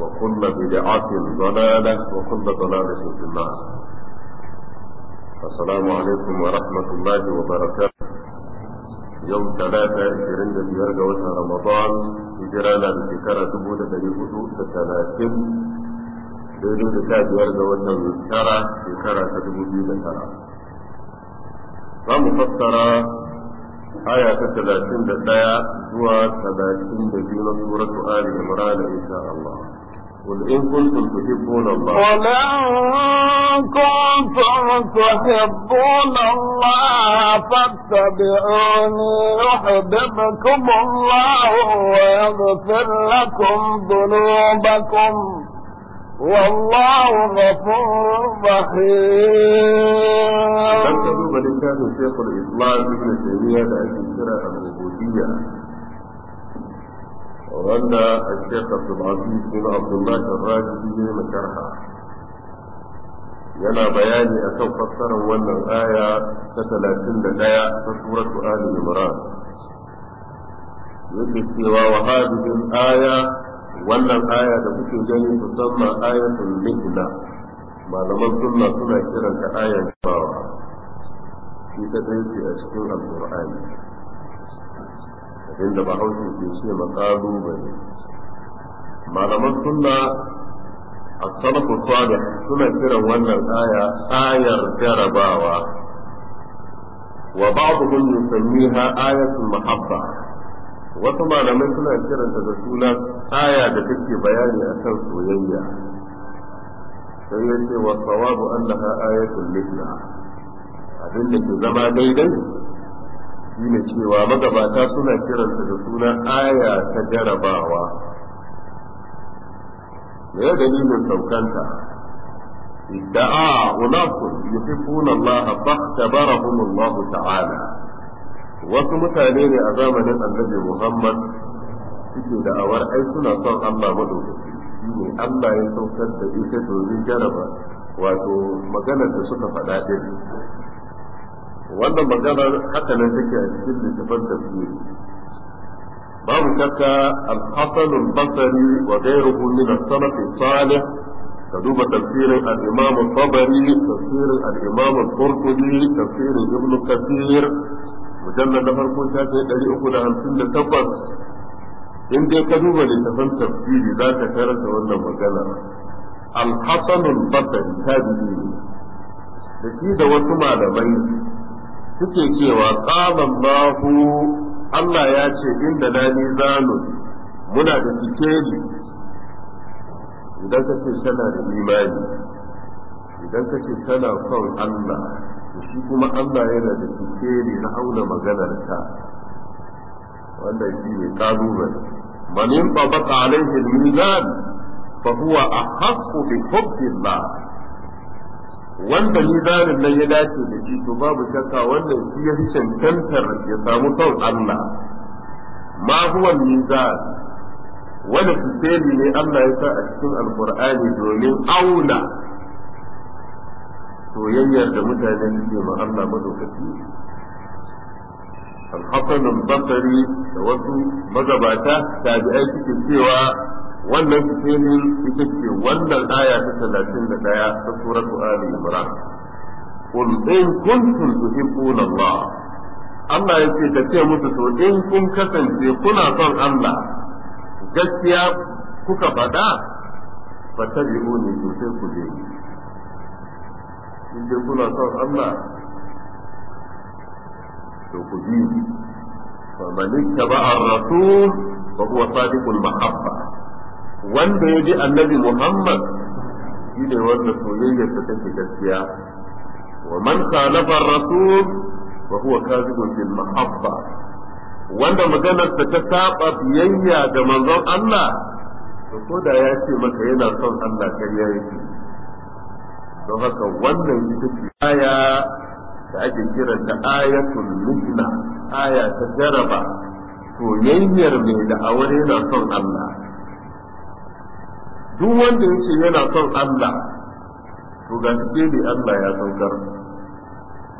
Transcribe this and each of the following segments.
وكل بدعة ضلالة وكل ضلالة في النار السلام عليكم ورحمة الله وبركاته يوم ثلاثة عشرين بيار جوزها رمضان إجرانا بكرة تبودة الثلاثين تتلاتين بيدو تتا بيار جوزها مشكرة شكرة تبودي لترى فمفسرة آية ثلاثين دتايا هو تلاتين بجينة سورة آل عمران إن شاء الله قل إن كنتم تحبون الله قل إن كنتم تحبون الله فاتبعوني يحببكم الله ويغفر لكم ذنوبكم والله غفور رحيم. لم تدوب لسان شيخ الاسلام ابن تيميه لان العبوديه wanda a shekh abdulaziz bin abdullah al-rajibi ne masharha yana bayani akan fassarar wannan aya ta 31 ta suratu ali imran yake cewa wa hadhihi aya wannan aya da kuke gani musamman ayatul mihna malaman sunna suna kiranta ayan bawa ita ce a cikin Alƙur'ani. inda ba hausa ke ce matsalu ba ne malaman suna a sanaku salih suna kiran wannan aya ayar jarabawa wa ba'dhum yusammiha ayatul mahabba wasu malamai suna kiranta da suna aya da take bayani akan soyayya sai ya ce wa sawabu annaha ayatul mithla abin da ke zama daidai ne cewa magabata suna kiranta da suna aya ta jarabawa me ya dalilin saukanta idda'a unasun yuhibbuna Allah fakhtabarahum Allah ta'ala wasu mutane ne a zamanin Annabi Muhammad suke da'awar ai suna son Allah madaukaki ne, Allah ya saukar da ita domin jaraba wato maganar da suka faɗa din wannan maganar haka nan take a cikin littafin tafsiri babu shakka al-hasan al-basri wa ghayruhu min as-salaf salih ka duba tafsirin al-imam al-tabari tafsirin al-imam al-qurtubi tafsirin ibn kathir mujallad na farko shafi 358 in dai ka duba littafin tafsiri za ka karanta wannan magana al-hasan al-basri tabi'i da shi da wasu malamai suke cewa tsaban bahu Allah ya ce inda na ni zanun muna da sikeli idan ka ce tana da imani idan ka ce tana son Allah shi kuma Allah yana da sikeli na auna maganarta. wannan shi ne kalubale man yin babaka alaihi mizan fa huwa ahqqu bi hubbillah wanda mizanin nan ya dace da shi to babu shakka wannan shi ya fi cancantar ya samu son Allah ma huwa mizan wanda tuseli ne Allah ya sa a cikin alkur'ani domin auna soyayyar da mutane suke ma Allah madaukaki al-hasan da wasu magabata tabi'ai suke cewa wannan fitinin ita ce wannan aya ta talatin da daya ta suratu ali imran kun in kuntum tuhibbuna allah Allah ya ce ka ce musu to in kun kasance kuna son Allah gaskiya kuka faɗa fa tabi'u ne to sai ku je in dai kuna son Allah to ku bi fa man ittaba ar-rasul fa huwa sadiqul mahabbah wanda ya bi annabi Muhammad shi ne wanda soyayyar ta take gaskiya wa man khalafa rasul wa huwa kadhibun bil mahabba wanda maganar ta ta saba biyayya da manzon Allah to ko da ya ce maka yana son Allah kariya yake don haka wannan ita ce aya da ake kiranta ayatul mihna aya ta jaraba soyayyar mai da aure yana son Allah duk wanda yake yana son Allah to ga shi ne Allah ya saukar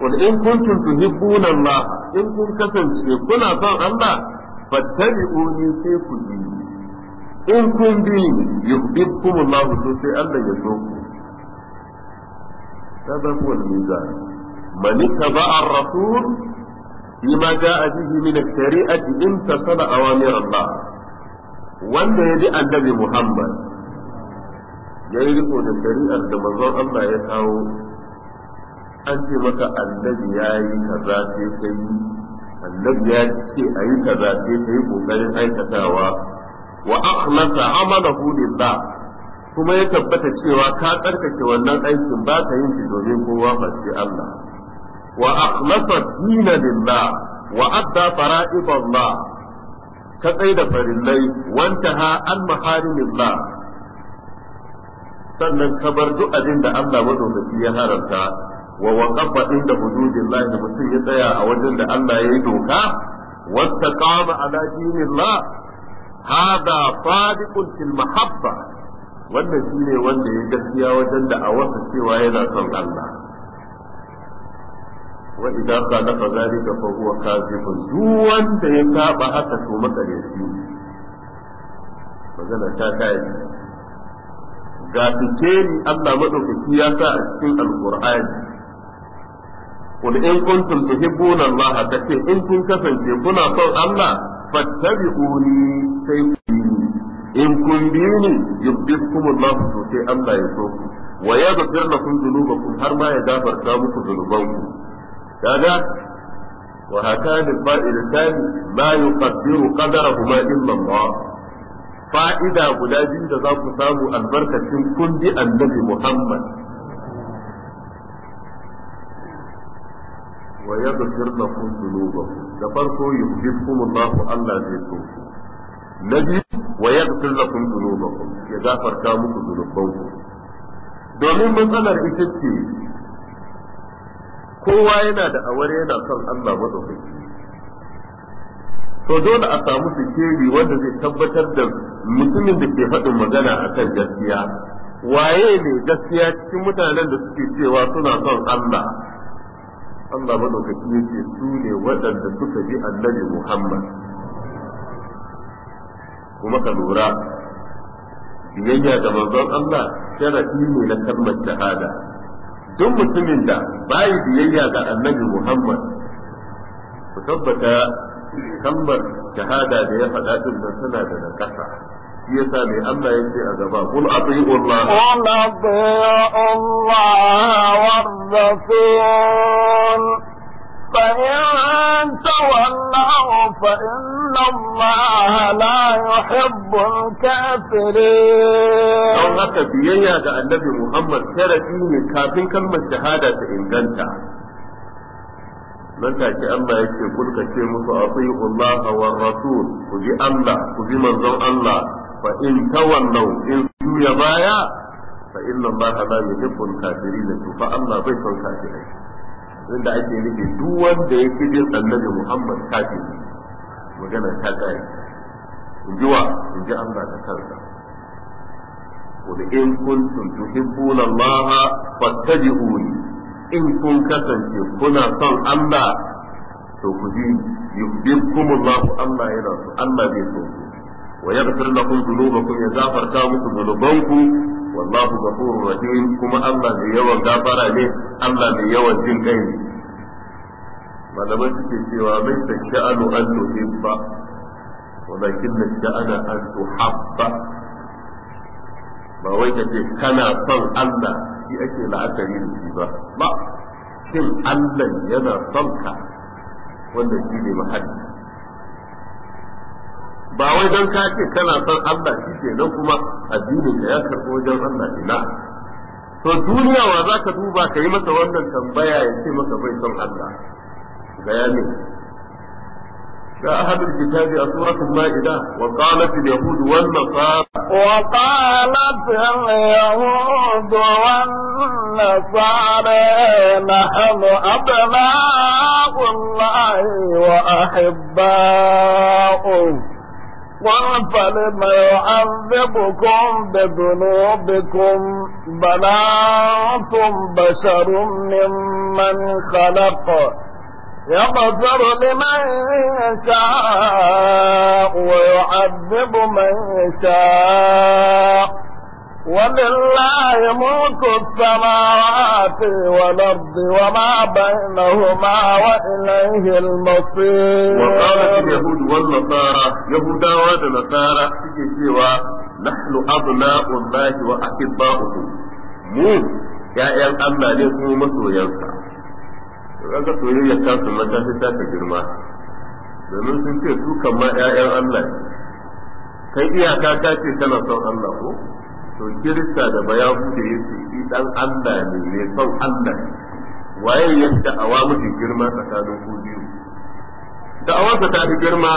qul in kuntum tuhibbuna Allah in kun kasance kuna son Allah fattabi'uni sai ku bi in kun bi yuhibbukum Allah to sai Allah ya so ku هذا هو الميزان من اتبع الرسول فيما جاء به من الشريعة امتثل أوامر الله وأن يدي النبي Muhammad. ya yi riko da shari'ar da manzon Allah ya kawo an ce maka annabi ya yi kaza sai ka yi annabi ya ce a yi kaza sai ka yi kokarin aikatawa wa akhlasa amalahu lillah kuma ya tabbata cewa ka tsarkake wannan aikin ba ka yin shi domin kowa face Allah wa akhlasa dina lillah wa adda fara'id Allah ka tsaida farillai wanta ha an ba. sannan ka bar duk abin da Allah madaukaki ya haramta wa waqafa inda hududillah da mutum ya tsaya a wajen da Allah ya yi doka wata kama دين الله هذا صادق في المحبة wannan shi ne wanda ya gaskiya wajen da a wasa cewa yana son Allah wa idan ka dafa zalika fa huwa duk wanda ya saba haka to shi, magana ta kai ga ni Allah madaukaki ya sa a cikin alqur'ani qul in kuntum tuhibbuna Allah ce in kun kasance kuna son Allah fattabi'uni sai ku in kun bi ni yubbikum Allah to sai Allah ya so ku wa yaghfir lakum dhunubakum har ma ya gafarta muku dhunubanku kaga thani ma yuqaddiru يقدر قدرهما illa Allah fa'ida guda biyu da za ku samu albarkacin kun bi annabi Muhammad wa ya yaghfir lakum dhunubakum da farko yuhibbukum Allah Allah zai so na biyu wa yaghfir lakum dhunubakum ya gafarta muku ku. domin matsalar ita ce kowa yana da awar yana son Allah madaukaki to dole a samu sikeli wanda zai tabbatar da mutumin da ke faɗin magana akan gaskiya waye ne gaskiya cikin mutanen da suke cewa suna son Allah Allah madaukaki yake su ne waɗanda suka bi annabi Muhammad kuma ka lura biyayya da manzon Allah tana ne na kalmar shahada duk mutumin da bayi biyayya ga annabi Muhammad ku tabbata kalmar shahada da ya faɗa din suna da naƙasa, shi yasa mai Allah ya a gaba kul atiyu Allah qul atiyu Allah wa rasul فإن تولوا فإن الله لا يحب الكافرين don haka biyayya ga annabi Muhammad sharadi ne kafin kalmar shahada ta inganta nan take Allah ya ce kul ce musu atiu Allah wa rasul ku bi Allah ku bi manzon Allah fa in tawallu in su ya baya fa inna Allah la yuhibbul kafirin to fa Allah bai son kafirai inda ake nufi duk wanda ya bin annabi Muhammad kafiri magana ta kai in ji wa in ji Allah ta kansa قل إن كنتم تحبون الله فاتبعوني in kun kasance kuna son Allah to ku ji yuhibbukum Allah Allah yana so Allah zai so wa yaghfir lakum dhunubakum ya zafarta muku dhunubanku wallahu ghafurur rahim kuma Allah mai yawan gafara ne Allah mai yawan jin kai ne malamai suke cewa mai ta sha'anu an tuhibba walakin na sha'ana an tuhabba ba wai ka ce kana son Allah shi ake la'akari da shi ba ba shin Allah yana son ka wanda shi ne mahalli ba wai don ka ce kana son Allah shi ke nan kuma addinin da ya karɓo wajen Allah ina to duniya wa za ka duba ka yi masa wannan tambaya ya ce maka bai son Allah ga ne هذا الكتاب سورة المائدة وقالت اليهود والنصارى وقالت اليهود والنصارى نحن أبناء الله وأحباؤه قل فلم يعذبكم بذنوبكم بل أنتم بشر ممن خلق يغفر لمن يشاء ويعذب من يشاء ولله ملك السماوات والأرض وما بينهما وإليه المصير وقالت اليهود والنصارى يهودا والنصارى سوى نحن أبناء الله وأحباؤه مو يا أيها الله لكم مسويا kaga soyayyar ta su ta sai ta girma domin sun ce su kamar ƴaƴan Allah kai iyaka ta ce kana son Allah ko to kirista da bayahude ya ce shi dan Allah ne mai son Allah waye yadda awa mafi girma tsakanin ku biyu da'awarsa ta fi girma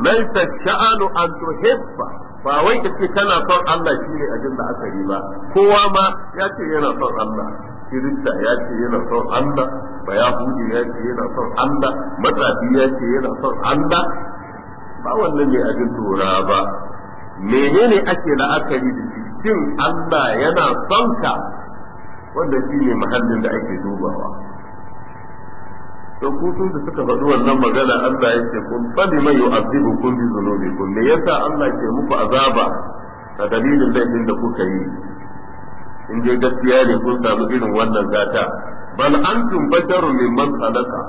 laisa sha'anu an tuhibba ba wai ka ce kana son Allah shine abin da aka yi ba kowa ma ya ce yana son Allah kirista ya ce yana son Allah bayahudi ya ce yana son Allah matafi ya ce yana son Allah ba wannan ne abin lura ba menene ake la'akari da shi shin Allah yana son ka wanda shine mahallin da ake dubawa to ku su da suka faɗi wannan magana Allah ya ce kun fali mai yu'azibu kun bi zunubikum me yasa Allah ke muku azaba a dalilin laifin da kuka yi in dai gaskiya ne kun samu irin wannan gata bal antum basharun mimman khalaqa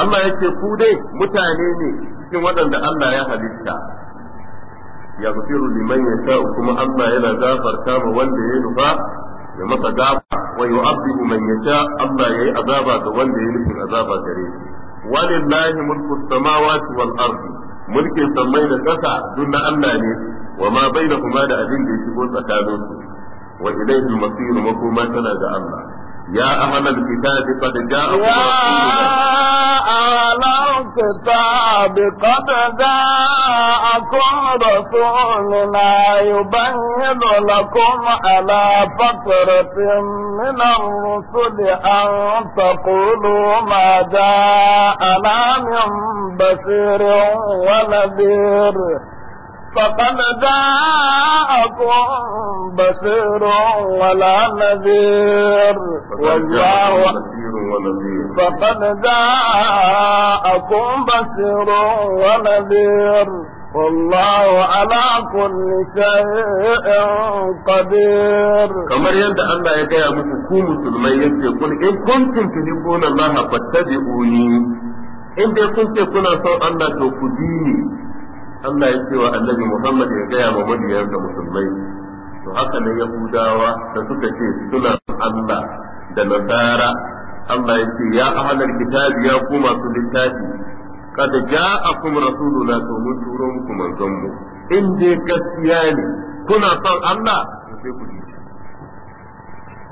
Allah ya ce ku dai mutane ne cikin waɗanda Allah ya halitta ya gafiru liman ya sha'u kuma Allah yana gafarta ma wanda ya nufa ya masa gaba wa yu'adhibu man sha Allah yayi azaba ga wanda ya nufin azaba gare shi walillahi mulku samawati wal ardi mulkin samai da kasa duk na Allah ne wa ma bai da abin da ya shigo tsakaninsu wa ilayhi al-masir makoma tana ga Allah يا أهل الكتاب قد جاءكم يا أهل الكتاب قد جاءكم رسولنا يبين لكم على فترة من الرسل أن تقولوا ما جاءنا من بشير ونذير فقد جاءكم بصير ولا نذير والله فقد جاءكم بصير ونذير والله على كل شيء قدير كما يند الله يجي أبوكم كو مسلمين يجي قل إن كنتم تحبون الله فاتبعوني إن كنتم كنا سوء الله تفديني Allah ya ce wa annabi Muhammad ya gaya wa mabiyansa musulmai to haka ne Yahudawa da suka ce suna Allah da Nasara Allah ya ce ya ahalar kitabi ya ku masu littafi ja ja'akum rasuluna to mun turo muku manzon mu in dai gaskiya ne kuna son Allah sai ku ji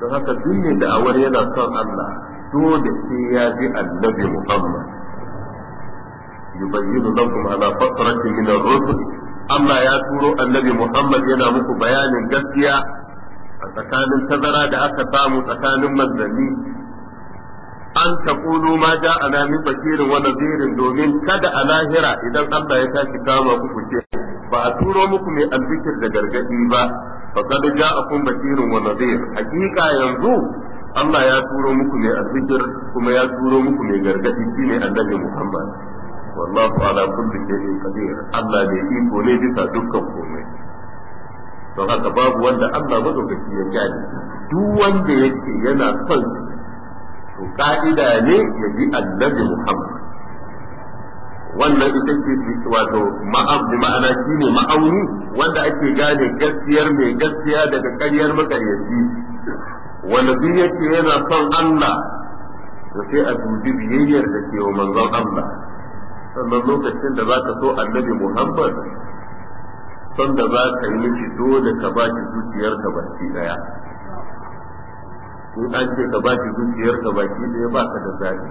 don haka duk da awar yana son Allah dole sai ya ji annabi Muhammad yubayyinu lakum ala fatratin min ar-rusul Allah ya turo annabi Muhammad yana muku bayanin gaskiya a tsakanin tazara da aka samu tsakanin manzanni an taqulu ma ana min basirin wa nazirin domin kada a lahira idan Allah ya tashi kama ku ce ba a turo muku mai albikir da gargadi ba a kun basirin wa nazir hakika yanzu Allah ya turo muku mai albikir kuma ya turo muku mai gargadi shine annabi Muhammad wallahu ala kulli shay'in qadir Allah da iko ne bisa dukkan komai don haka babu wanda Allah madaukaki ya gani duk wanda yake yana son to ka'ida ne ya bi annabi Muhammad wannan ita ce wato bi ma'ana shine ma'auni wanda ake gane gaskiyar mai gaskiya daga ƙaryar makaryaci wanda duk yake yana son Allah to sai a dubi biyayyar da ke wa manzon Allah sannan lokacin da zaka so annabi Muhammad san da za yi mishi dole ka ba shi zuciyarka baki daya in an ce ka ba shi zuciyarka baki daya ba ka da zaɓi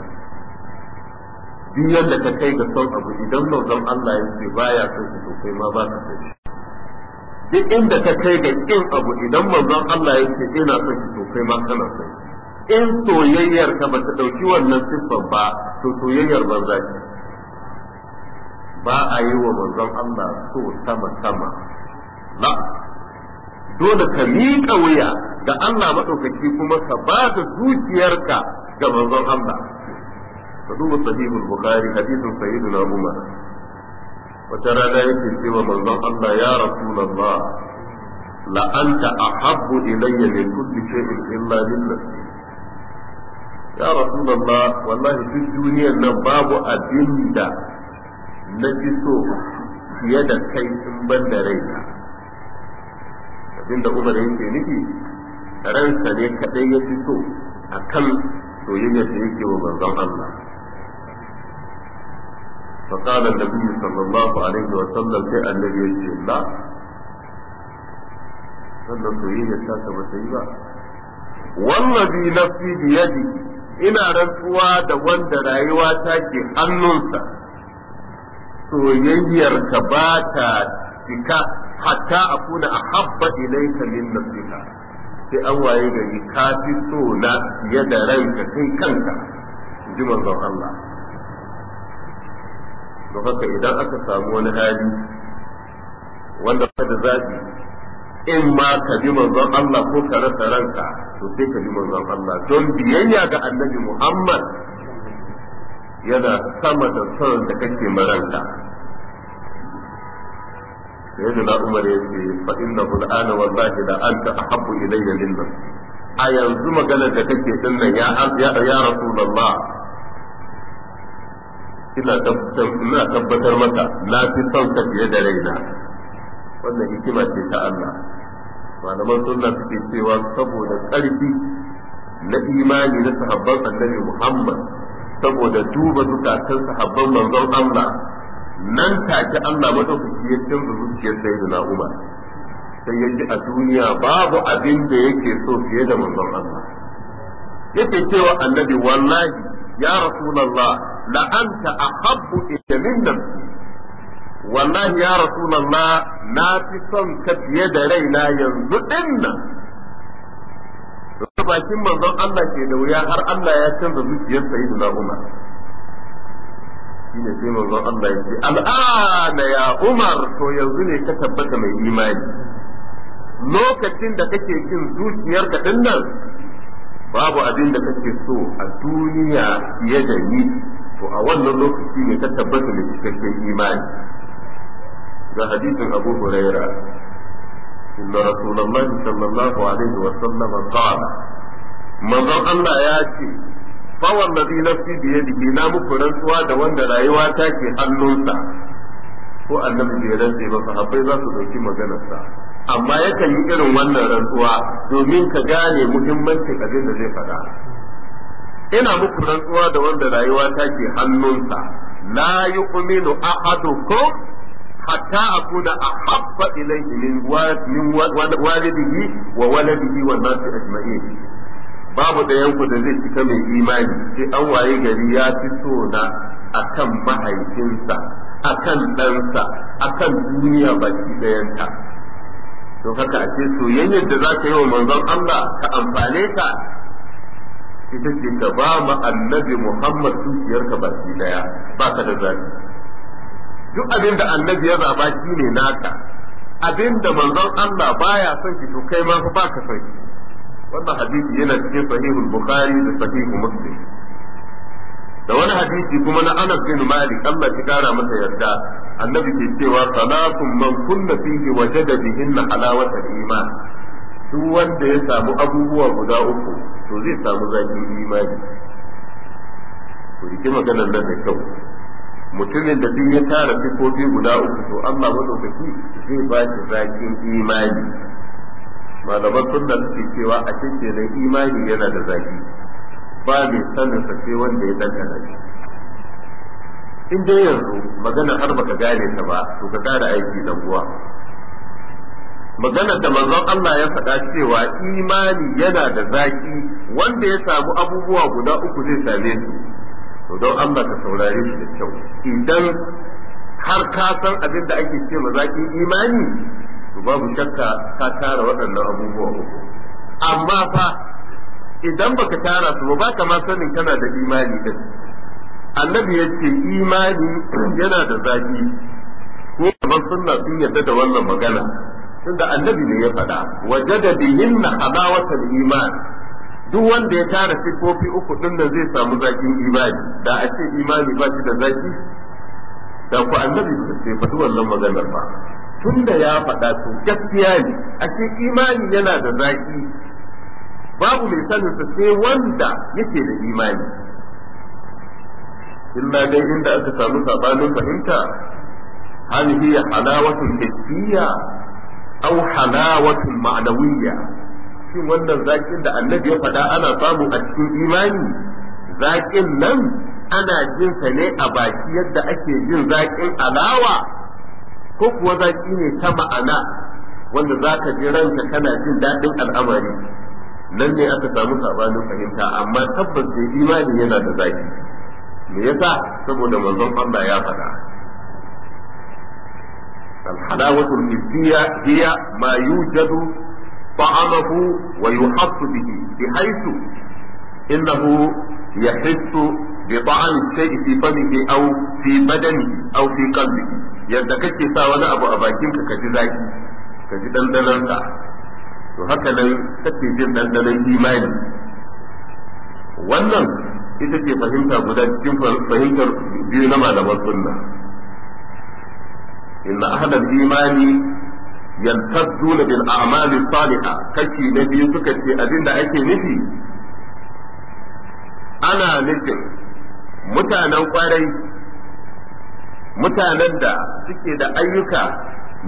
duk yadda ka kai ga son abu idan manzon Allah ya ce baya son shi to kai ma ba ka son shi duk inda ka kai ga kin abu idan manzon Allah ya ce ina son shi to kai ma kana son shi in soyayyar ka ba ta ɗauki wannan siffar ba to soyayyar banza ce ba a yi wa manzon Allah so sama sama la dole ka miƙa wuya ga Allah maɗaukaki kuma ka ba da zuciyarka ga manzon Allah ka duba sahihul bukhari hadisin sayyidina umar wata rana yake cewa manzon Allah ya rasu rasulullah la anta ahabbu ilayya min kulli shay'in illa lillati ya rasu rasulullah wallahi duk duniyar nan babu da. na fi so fiye da kai sun ban da rai raina abinda umar yake nufi ransa ne kadai ya fi so a kan soyayyar da yake wa manzon Allah da biyu فقال النبي a الله wa وسلم sai annabi yake la sannan soyayya ta taba sai ba na fi biyar ina rantsuwa da wanda rayuwa ta ke hannunsa soyayyar ka ba ta cika hatta a kuna a habba ilaika min nafsika sai an waye gari ka fi so na fiye da ranka kai kanka ji manzon Allah don haka idan aka samu wani hali wanda ka da zaɓi in ma ka bi manzon Allah ko ka rasa ranka to sai ka bi manzon Allah don biyayya ga annabi Muhammad yana sama da son da kake maranta sai da umar ya ce fa inna hul da wallahi la anta ahabbu ilayya min a yanzu maganar da kake din nan ya ya ya rasulullah ina ina tabbatar mata na fi son ka fiye da raina wannan hikima ce ta Allah malaman sunna suke cewa saboda ƙarfi na imani na sahabban annabi Muhammad saboda duba zukatan sahabban manzon Allah nan take Allah madaukaki ya canza zuciyar sayyidina Umar sai ya ji a duniya babu abin da yake so fiye da manzon Allah yake cewa annabi wallahi ya rasulullah la anta ahabbu ilayya min nafsi wallahi ya rasulullah na fi son ka fiye da raina yanzu dinnan bakin manzon Allah ke da wuya har Allah ya canza zuciyar sayyidina Umar shine sai manzon Allah ya ce al'ana ya Umar to yanzu ne ka tabbata mai imani lokacin da kake jin zuciyar ka dinnan babu abin da kake so a duniya fiye da ni to a wannan lokaci ne ka tabbata mai cikakken imani ga hadisin Abu Hurairah إن رسول الله صلى الله عليه وسلم قال من الله ياتي فهو الذي نفسي بيده نام فرنسوا دوان دلائيوا تاكي حنونسا ko annabi bai rantse ba sahabbai za su dauki maganarsa amma yakan yi irin wannan rantsuwa domin ka gane muhimmanci abin da zai faɗa ina muku rantsuwa da wanda rayuwa take hannunsa la yu'minu ko? hatta akuna ahabba ilayhi min walidihi wa waladihi wan nasi ajma'in babu ɗayan ku da zai cika mai imani sai an waye gari ya fi so na akan mahaifinsa akan ɗansa akan duniya baki ɗayanta to haka a ce soyayyar da za ka yi wa manzon Allah ka amfane ta ita ce ka ba mu annabi Muhammad zuciyarka baki ɗaya ba ka da zafi duk abin da annabi ya zaba shi ne naka abin da manzon Allah baya son shi to kai ma ba ka son shi wannan hadisi yana cikin sahihul bukhari da sahihul muslim da wani hadisi kuma na Anas bin Malik Allah ya kara masa yarda annabi ke cewa salatun man kunna fihi wajada bihinna halawata iman duk wanda ya samu abubuwa guda uku to zai samu zakin imani ku rike maganar da kyau mutumin da duk ya tara sifofi guda uku to amma madaukaki zai ba shi zakin imani malaman sunna suke cewa a cikin imani yana da zaki ba mai sanin sa sai wanda ya ɗanɗana shi in dai yanzu magana har baka gane ta ba to ka tara aiki da uwa maganar da manzon Allah ya faɗa cewa imani yana da zaki wanda ya samu abubuwa guda uku zai same su to don Allah ka saurare shi da kyau idan har ka san abin da ake ce mazaƙin imani to babu shakka ka tara waɗannan abubuwa uku amma fa idan baka tara su ba baka ma sanin kana da imani din annabi ya ce imani yana da zafi ko kamar sunna sun yadda da wannan magana tunda annabi ne ya faɗa wajada bihinna halawatal iman duk wanda ya tara sifofi uku din nan zai samu zakin imani da a ce imani ba shi da zaki da ku annabi bai faɗi wannan maganar ba tunda ya faɗa to gaskiya ne a ce imani yana da zaki babu mai sanin sai wanda yake da imani illa dai inda aka samu sabanin fahimta hal hiya halawatun hissiya aw halawatun ma'nawiyya shin wannan zakin da annabi ya faɗa ana samu a cikin imani zakin nan ana jin sa ne a baki yadda ake jin zakin alawa ko kuwa zaki ne ta ma'ana wanda za ka ji ranka kana jin daɗin al'amari nan ne aka samu sabanin fahimta amma tabbas da imani yana da zaki me yasa saboda manzon Allah ya faɗa الحلاوة الحسية هي ما يوجد طعامه ويحط به بحيث انه يحس بطعم الشيء في فمه او في بدنه او في قلبه yadda kake sa wani abu a bakinka ka ji zaki ka ji dandanonka to haka nan kake jin dandanon imani wannan ita ce fahimta fahimtar biyu na malaman sunna inna ahlal imani yaltazzuna bil a'mali salihah kashi na biyu suka ce abinda ake nufi ana nufin mutanen kwarai mutanen da suke da ayyuka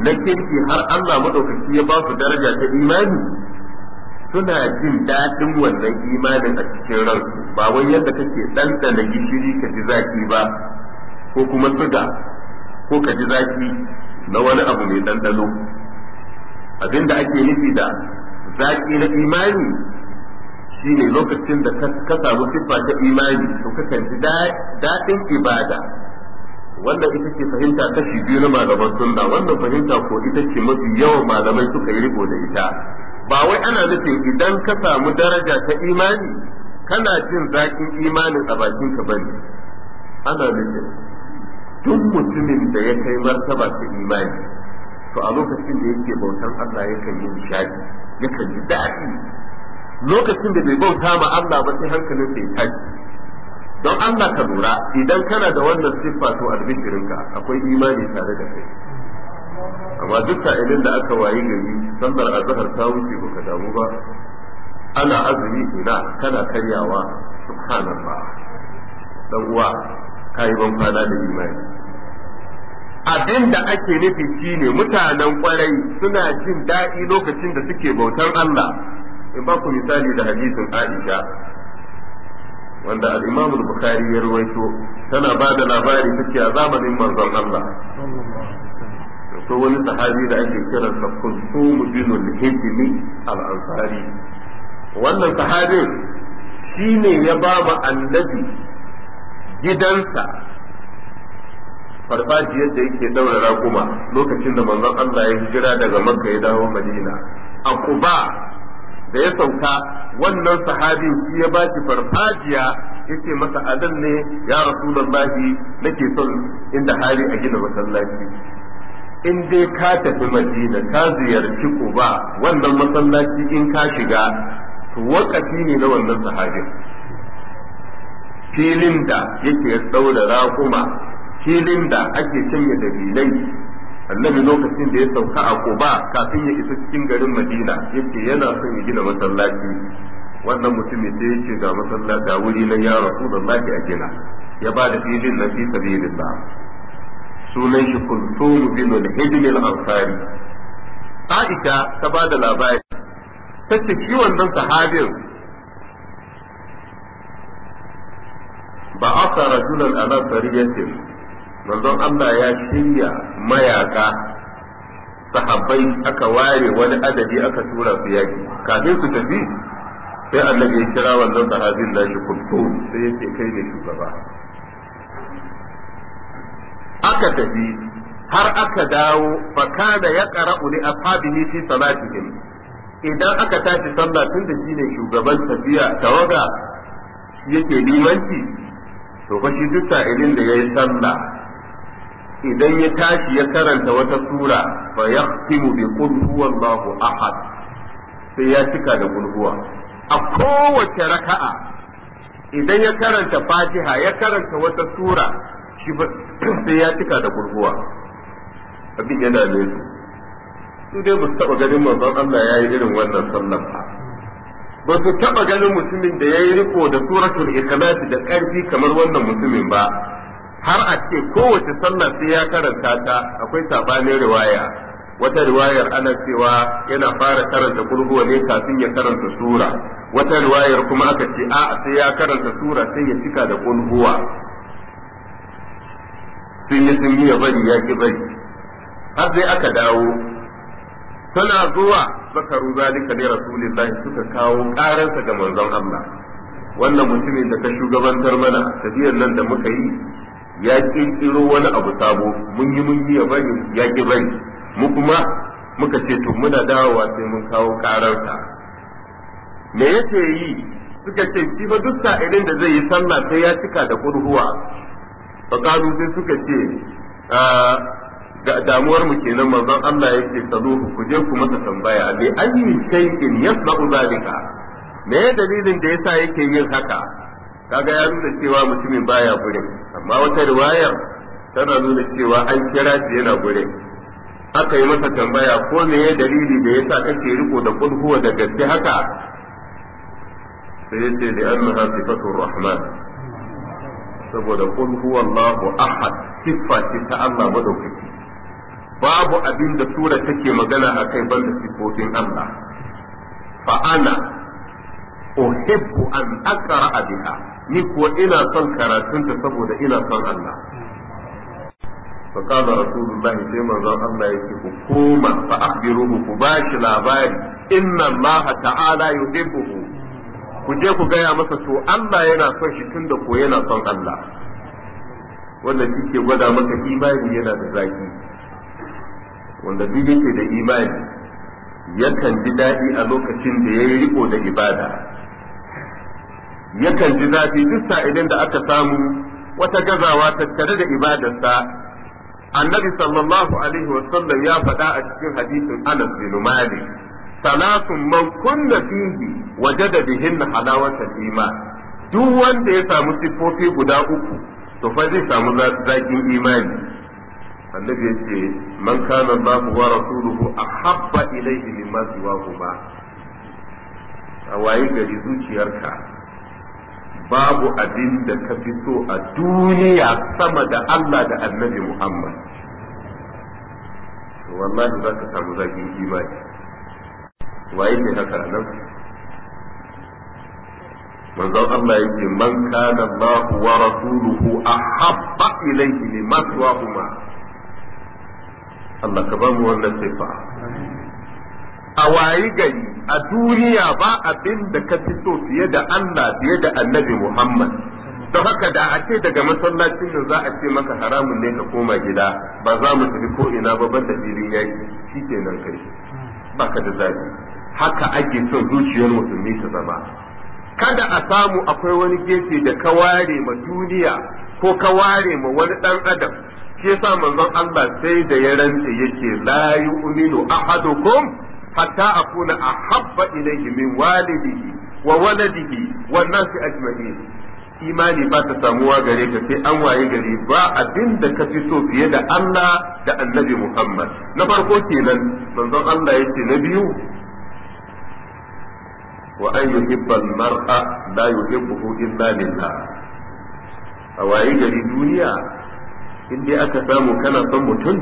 na kirki har Allah maɗaukaki ya ba su daraja ta imani suna jin daɗin wannan imanin a cikin ransu ba wai yadda kake ɗanɗana gishiri ka ji zaki ba ko kuma suga ko ka ji zaki na wani abu mai ɗanɗano Abin da ake nufi da zaki na imani shine lokacin da ka samu siffa ta imani to ka daɗin ibada wannan ita ce fahimta kashi biyu na malaman sunna wannan fahimta ko ita ce mafi yawan malamai suka yi riko da ita ba wai ana nufin idan ka samu daraja ta imani kana jin zaƙin imanin a bakin ka bane ana nufin tun mutumin da ya kai martaba ta imani to a lokacin da yake bautar Allah yakan yi nishadi yakan yi daɗi lokacin da bai bauta ma Allah ba sai hankalin sai tashi don Allah ka lura idan kana da wannan siffa to albishirinka akwai imani tare da kai amma duk sa'ilin da aka waye gari sallar azhar ta wuce ka damu ba ana azumi ina kana karyawa subhanallah dan uwa kai ban kwana da imani abin da ake nufi ne mutanen kwarai suna jin daɗi lokacin da suke bautar Allah in ba ku misali da hadisin Aisha wanda al-Imam al-Bukhari ya rawaito tana ba da labari take a zamanin manzon Allah to wani sahabi da ake kiran sa Kulsum bin al-Hijri al-Ansari wannan sahabin shine ya ba annabi gidansa farfajiyar da yake daura raƙuma lokacin da manzon Allah ya hijira daga Makka ya dawo Madina a Quba da ya sauka wannan sahabi shi ya baci farfajiya yace masa adan ne ya rasulullahi nake son inda hali a gina masallaci in dai ka tafi Madina ka ziyarci Quba wannan masallaci in ka shiga to wakati ne na wannan sahabi filin da yake daura raƙuma filin da ake sanya dalilai annabi lokacin da ya sauka a koba kafin ya isa cikin garin Madina yake yana son ya gina masallaci wannan mutumin da ce ga masallaci da wuri na ya Rasulullahi a gina ya ba da filin na fi ba. sunan shi Kulthum bin al-Hijr al-Ansari ta ba da labari ce shi wannan sahabin ba a asa rajulan ala sariyatin manzon Allah ya shirya mayaka sahabbai aka ware wani adadi aka tura su yaki kafin su tafi sai annabi ya kira wannan sahabin shi kuntu sai yake kai ne shugaba aka tafi har aka dawo fakada ya qara'u li ashabihi fi salatihim idan aka tashi sallah tun da shine shugaban tafiya tawaga yake limanci to fa shi duka sa'ilin da yayi sallah idan ya tashi ya karanta wata sura fa yaqtimu bi qul huwallahu ahad sai ya cika da qul a kowace raka'a idan ya karanta fatiha ya karanta wata sura shi sai ya cika da qul abin yana ne su dai ba su taɓa ganin manzon Allah ya yi irin wannan sallan ba ba su taba ganin mutumin da ya yi riko da suratul ikhlas da karfi kamar wannan mutumin ba har a ce kowace sallah sai ya karanta ta akwai sabanin riwaya wata riwayar ana cewa yana fara karanta kulhuwa ne kafin ya karanta sura wata riwayar kuma aka ce a sai ya karanta sura sai ya cika da kulhuwa sun yi sun ya bari ya ki bari har sai aka dawo tana zuwa zakaru zalika ne rasulillahi suka kawo karansa ga manzon Allah wannan mutumin da ka shugabantar mana tafiyar nan da muka yi ya kirkiro wani abu sabo mun yi mun yi ya bari ya ki bari mu kuma muka ce to muna dawowa sai mun kawo kararsa me yake yi suka ce shi fa duk irin da zai yi sallah sai ya cika da kurhuwa fa kalu sai suka ce ga damuwar mu kenan manzon Allah yake saluhu ku je ku masa tambaya bi ayyi shay'in yasba'u zalika me dalilin da yasa yake yin haka kaga ya nuna cewa mutumin baya gure amma wata riwaya tana nuna cewa an kira shi yana gure aka yi masa tambaya ko me ya dalili da yasa kake riko da kulhuwa da gaske haka sai yace li annaha sifatur rahman saboda kul huwallahu ahad siffa ce ta Allah madaukaki babu abin da sura take magana akai banda sifofin Allah fa ana uhibbu an aqra biha ni kuwa ina son karatun ta saboda ina son Allah fa qala rasulullahi sai manzon Allah yake ku koma fa akhbiruhu ku bashi labari inna Allah ta'ala yuhibbuhu ku je ku gaya masa to Allah yana son shi tunda ko yana son Allah wanda kike gwada maka imani yana da zaki wanda duk yake da imani yakan bi daɗi a lokacin da ya yi riko da ibada yakan ji zafi duk sa'idin da aka samu wata gazawa tattare da ibadarsa annabi sallallahu alaihi wa sallam ya faɗa a cikin hadisin anas bin malik salatun man kunna fihi wajada bihin halawatul iman duk wanda ya samu sifofi guda uku to fa zai samu zakin imani annabi yace man kana Allahu wa rasuluhu ahabba ilayhi mimma siwahuma a waye gari zuciyarka babu abin da ka fi so a duniya sama da Allah da annabi Muhammad wallahi za ka samu zagin imani waye ne haka nan manzon Allah yake man kana Allah wa rasuluhu ahabba ilayhi limaswahuma Allah ka ba mu wannan sifa a wayi gari a duniya ba abin da ka fi so fiye da Allah fiye da annabi Muhammad don haka da a ce daga masallacin da za a ce maka haramun ne ka koma gida ba za mu tafi ko ina ba ban da filin yayi shi kenan kai baka da zafi haka ake son zuciyar mutum ta zama kada a samu akwai wani gefe da ka ware ma duniya ko ka ware ma wani dan adam shi yasa manzon Allah sai da ya rantse yake la yu'minu ahadukum hatta akuna ahabba ilayhi min walidihi wa waladihi wa nasi ajma'in imani ba ta samuwa gare ka sai an waye gari ba abinda da ka fi so fiye da Allah da Annabi Muhammad na farko kenan manzon Allah yace na biyu wa an yuhibba al-mar'a la yuhibbuhu illa lillah a waye gari duniya in dai aka samu kana son mutum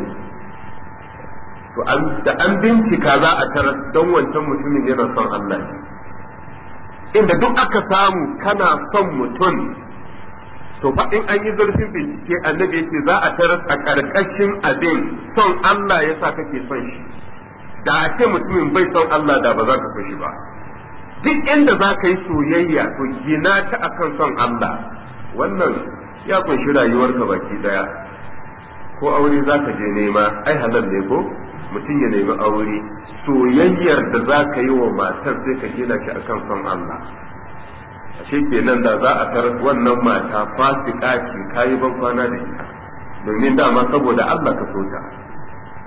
to da an bincika za a taras don wancan mutumin yana son Allah inda duk aka samu kana son mutum to fa in an yi zurfin bincike annabi yake za a taras a karkashin abin son Allah yasa kake son shi da a ce mutumin bai son Allah da ba za ka kashi shi ba duk inda za ka yi soyayya to gina ta akan son Allah wannan ya kunshi rayuwarka baki daya ko aure za ka je nema ai halal ne ko mutum ya nemi aure soyayyar da za ka yi wa matar sai ka gina shi akan son Allah A ashe nan da za a tarar wannan mata fasika ce yi ban kwana da ita domin dama saboda Allah ka so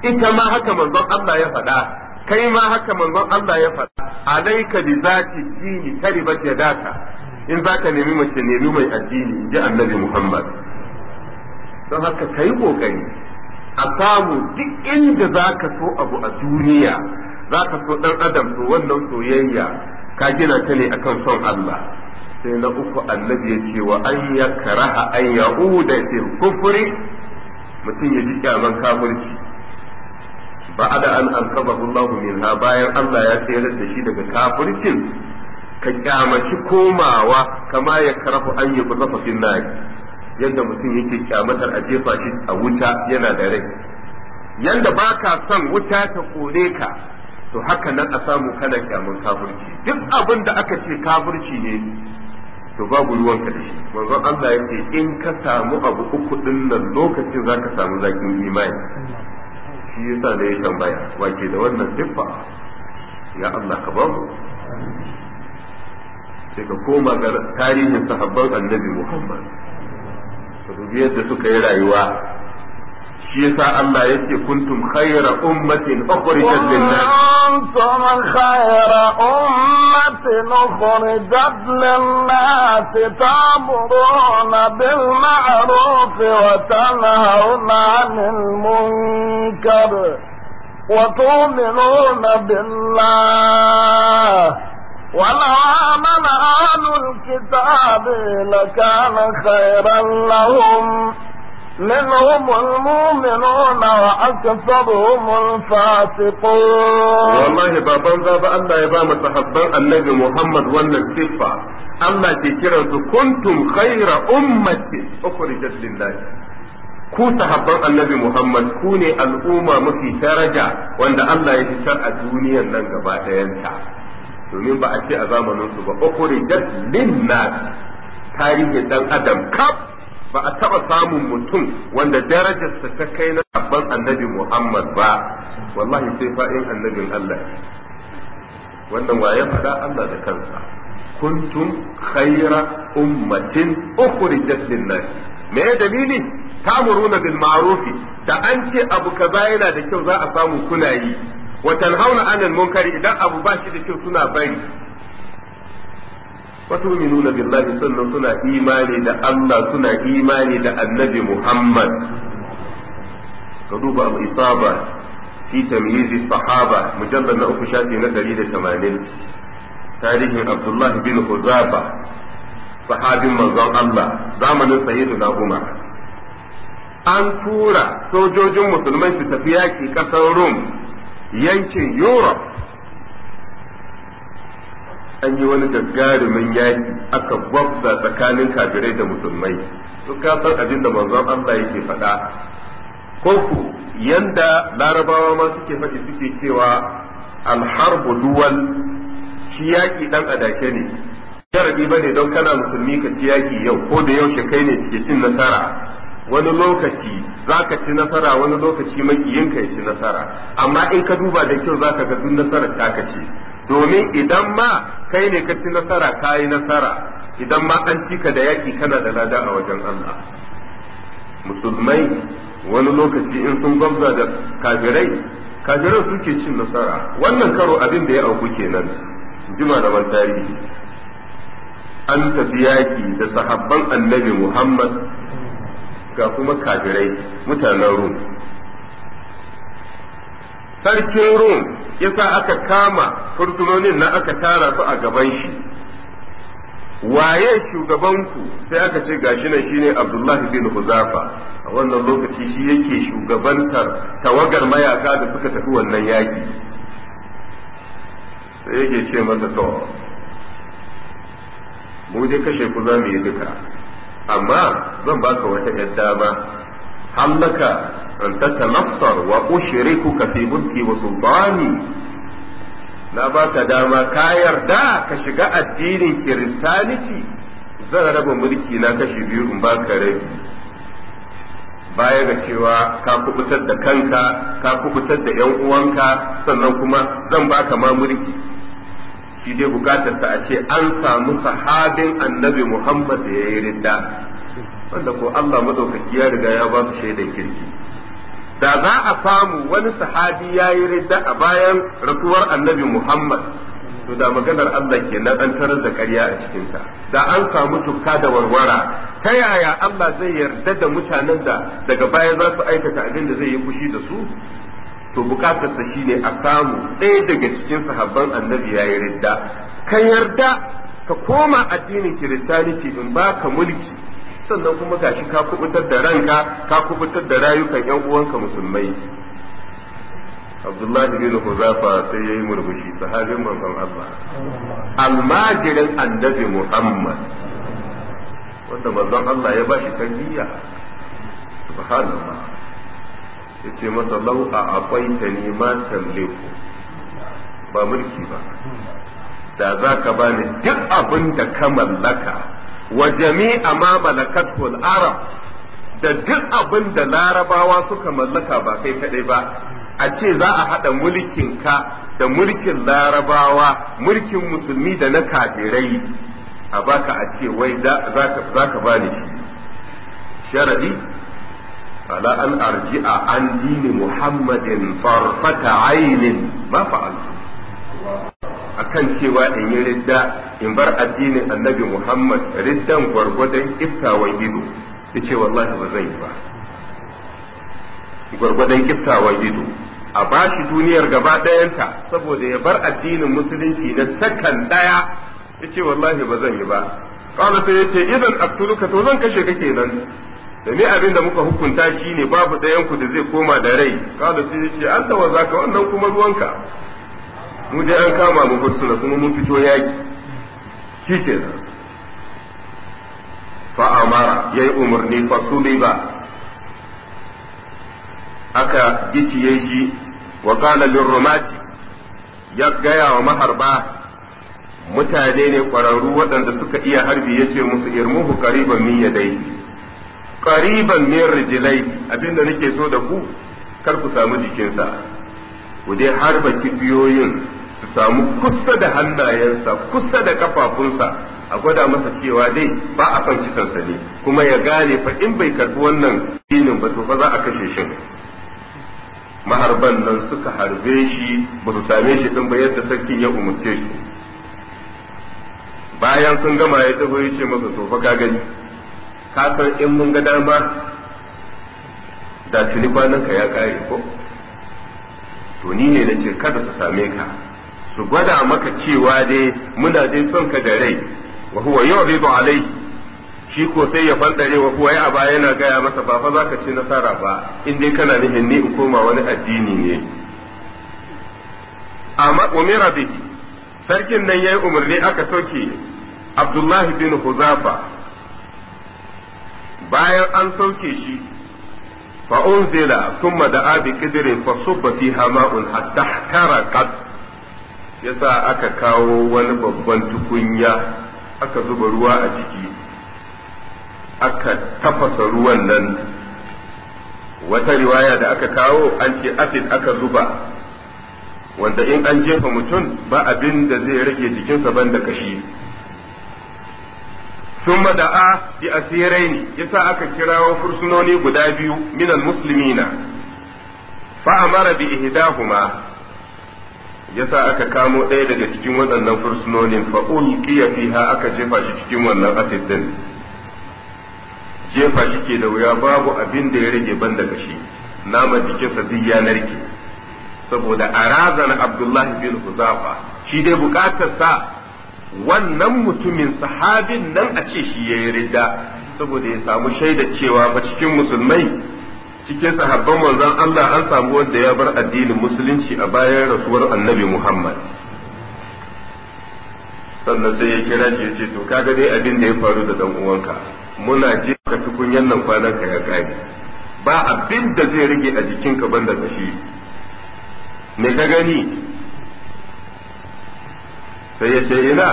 ita ma haka manzon Allah ya faɗa kai ma haka manzon Allah ya faɗa alaika bi zati dini taribat yadaka in za ka nemi mace nemi mai addini in ji annabi Muhammad don haka kai kokari a samu duk inda za ka so abu a duniya za ka so ɗan adam to wannan soyayya ka gina ta ne akan son Allah sai na uku annabi ya ce wa an ya karaha an ya da fil kufri mutum ya ji kyaman kafirci da an anqabahu Allah minha bayan Allah ya tsere da shi daga kafircin ka kyamaci komawa kama ya karahu an yi kuzafa fil nari yadda mutum yake kyamatar a jefa shi a wuta yana da rai yadda ba ka son wuta ta kore ka to haka nan a samu kana kyamun kafirci duk abin da aka ce kafirci ne to babu ruwan ka da shi manzon Allah yake in ka samu abu uku din nan lokacin zaka samu zakin imani shi yasa da ya tambaya wake da wannan siffa ya Allah ka bamu sai ka koma ga tarihin sahabban annabi Muhammad ka dubi yadda suka yi rayuwa shi yasa Allah yake kuntum khayra ummatin ukhrijat lin-nas kuntum khayra ummatin ukhrijat lin-nas ta'muruna bil ma'ruf wa tanhauna 'anil munkar وتؤمنون بالله ولو آمن أهل الكتاب لكان خيرا لهم منهم المؤمنون وأكثرهم الفاسقون والله بابا بابا أنت يا بابا تحبان النبي محمد وانا كفا أما تكرة كنتم خير أمة أخرجت لله ku sahabban annabi Muhammad ku ne al'umma mafi daraja wanda Allah ya fitar a nan gaba ɗayanta. domin ba a ce a zamanin su ba ukhrijat linnas tarihi dan adam kaf ba a taba samun mutum wanda darajarsa ta kai na abban annabi Muhammad ba wallahi sai fa'in annabin Allah wannan waye faɗa Allah da kansa kuntum khaira ummatin ukhrijat lin-nas me dalili tamuruna bil ma'ruf da an ce abu kaza yana da kyau za a samu kuna yi wa tanhauna anil munkari idan abu ba shi da kyau suna bari wa tu'minuna billahi sannan suna imani da Allah suna imani da annabi Muhammad ka duba abu isaba fi tamyizi sahaba mujallad na uku shafi na 180 tarihin Abdullah bin Huzaba sahabin manzon Allah zamanin sayyidina Umar an tura sojojin musulmai su tafi yaƙi ƙasar Rum yankin Europe an yi wani gagarumin yaki aka gwabza tsakanin kafirai da musulmai Su kasar abin da manzon Allah yake faɗa ko ku yanda larabawa ma suke faɗi suke cewa alharbu duwal shi yaki dan adake ne jarabi bane don kana musulmi ka ci yaki yau ko da yau yaushe kai ne cikin nasara wani lokaci za ka ci nasara wani lokaci makiyinka ya ci nasara amma in ka duba da kyau za ka ga duk nasarar ta ka ci. domin idan ma kai ne ka ci nasara ka yi nasara idan ma an cika da yaki kana da lada a wajen Allah musulmai wani lokaci in sun gwamza da kafirai kafirai suke cin nasara wannan karo abin da ya auku kenan jima da tarihi an tafi yaki da sahabban annabi muhammad ga kuma kafirai mutanen rum sarkin rum yasa aka kama furtunonin na aka tara su a gaban shi waye shugabanku sai aka ce gashi nan shine abdullahi bin huzafa a wannan lokaci shi yake shugabantar tawagar mayaka da suka tafi wannan yaki sai yake ce masa to mu je kashe ku za mu yi duka amma zan baka wata ‘yar dama hallaka an tattanassar wa ka fi mulki wa sultani na baka dama ka yarda ka shiga addinin kiristaniti zan raba mulki na kashi biyu in baka rabi baya ga cewa ka kubutar da kanka ka kubutar da yan uwanka sannan kuma zan baka ma mulki shi dai bukatar ta a ce an samu sahabin annabi Muhammad da yi ridda wanda ko Allah madaukaki ya riga ya ba su shaidan kirki da za a samu wani sahabi ya yi ridda a bayan rasuwar annabi Muhammad to da maganar Allah kenan an tarar da ƙarya a cikin ta. da an samu tukka da warwara ta yaya Allah zai yarda da mutanen da daga baya za su aikata abin da zai yi fushi da su to bukatar sa shine a samu ɗaya daga cikin sahabban annabi ya ridda ka yarda ka koma addinin kiristaniti in baka mulki sannan kuma gashi ka kubutar da ranka ka kubutar da rayukan yan uwanka musulmai Abdullahi bin Huzafa sai yayi murmushi sahabin manzon Allah almajirin annabi Muhammad wanda manzon Allah ya bashi tanbiya subhanallah yace masa lau a akwai ta ni ma ku ba mulki ba da za ka bani duk abin da ka mallaka wa jami'a ma malakatul arab da duk abin da larabawa suka mallaka ba kai kadai ba a ce za a haɗa mulkin ka da mulkin larabawa mulkin musulmi da na kafirai a baka a ce wai za ka bani shi sharadi ala an arji'a an dini muhammadin farfata ainin ma fa'altu akan cewa in yi ridda in bar addinin annabi muhammad riddan gwargwadon iftawan ido ya ce wallahi ba zan yi ba gwargwadon iftawan ido a bashi duniyar gaba ɗayanta saboda ya bar addinin musulunci na sakan ɗaya ya ce wallahi ba zan yi ba ƙwala sai ya ce idan aktuluka to zan kashe ka nan. domin abin da muka hukunta shi ne babu ɗayanku da zai koma da rai kada sai ya ce an tawa zaka wannan kuma ruwanka mu dai an kama mu gutsura kuma mun fito yaki shi ke nan fa amara yayi umarni fa suliba aka ya ji wa qala lirrumati ya gaya wa maharba mutane ne kwararru waɗanda suka iya harbi yace musu irmuhu qariban min yadayhi qariban min rijlai abinda nake so da ku kar ku samu jikinsa ku dai harba kibiyoyin su samu kusa da hannayensa kusa da kafafunsa a gwada masa cewa dai ba a son sansani kuma ya gane fa in bai karbi wannan dinin ba to fa za a kashe shi maharban nan suka harbe shi ba su same shi din ba yadda sarkin ya umurce shi bayan sun gama ya tafi ya ce masa to fa ka gani kasar in mun ga dama da tuni kwanan ya kare ko to ni ne ce kada su same ka su gwada maka cewa dai muna dai son ka da rai wa huwa zo alai shi ko sai ya fandare wa huwa ya ba yana gaya masa ba fa zaka ci nasara ba in dai kana nihin ni in koma wani addini ne amma umira bihi sarkin nan yayi umarni aka soke Abdullahi bin Huzafa bayan an sauke shi fa unzila kuma da abi qidrin fa subba fi ma'un hatta htaraqat yasa aka kawo wani babban tukunya aka zuba ruwa a ciki aka tafasa ruwan nan wata riwaya da aka kawo an ce acid aka zuba wanda in an jefa mutum ba abin da zai rage jikinsa ban da kashi Asirai ne ثم دعا بأسيرين يسا أكا كراو فرسنوني قدابيو من المسلمين فأمر بإهداهما yasa aka kamo ɗaya daga cikin waɗannan fursunonin fa'ul fiha aka jefa shi cikin wannan asid din jefa shi ke da wuya babu abin da ya rage ban daga shi nama jikinsa duk ya saboda a razana abdullahi bin huzafa shi dai sa. wannan mutumin sahabin nan a ce shi ya yi ridda saboda ya samu shaida cewa ba cikin musulmai cikin sahabban manzon Allah an samu wanda ya bar addinin musulunci a bayan rasuwar annabi Muhammad sannan sai ya kira shi ya ce to ka dai abin da ya faru da dan uwanka muna ji ka tukunyan nan kwanan ka ya kare ba abin da zai rage a jikinka banda kashi me ka gani sai ya ce ina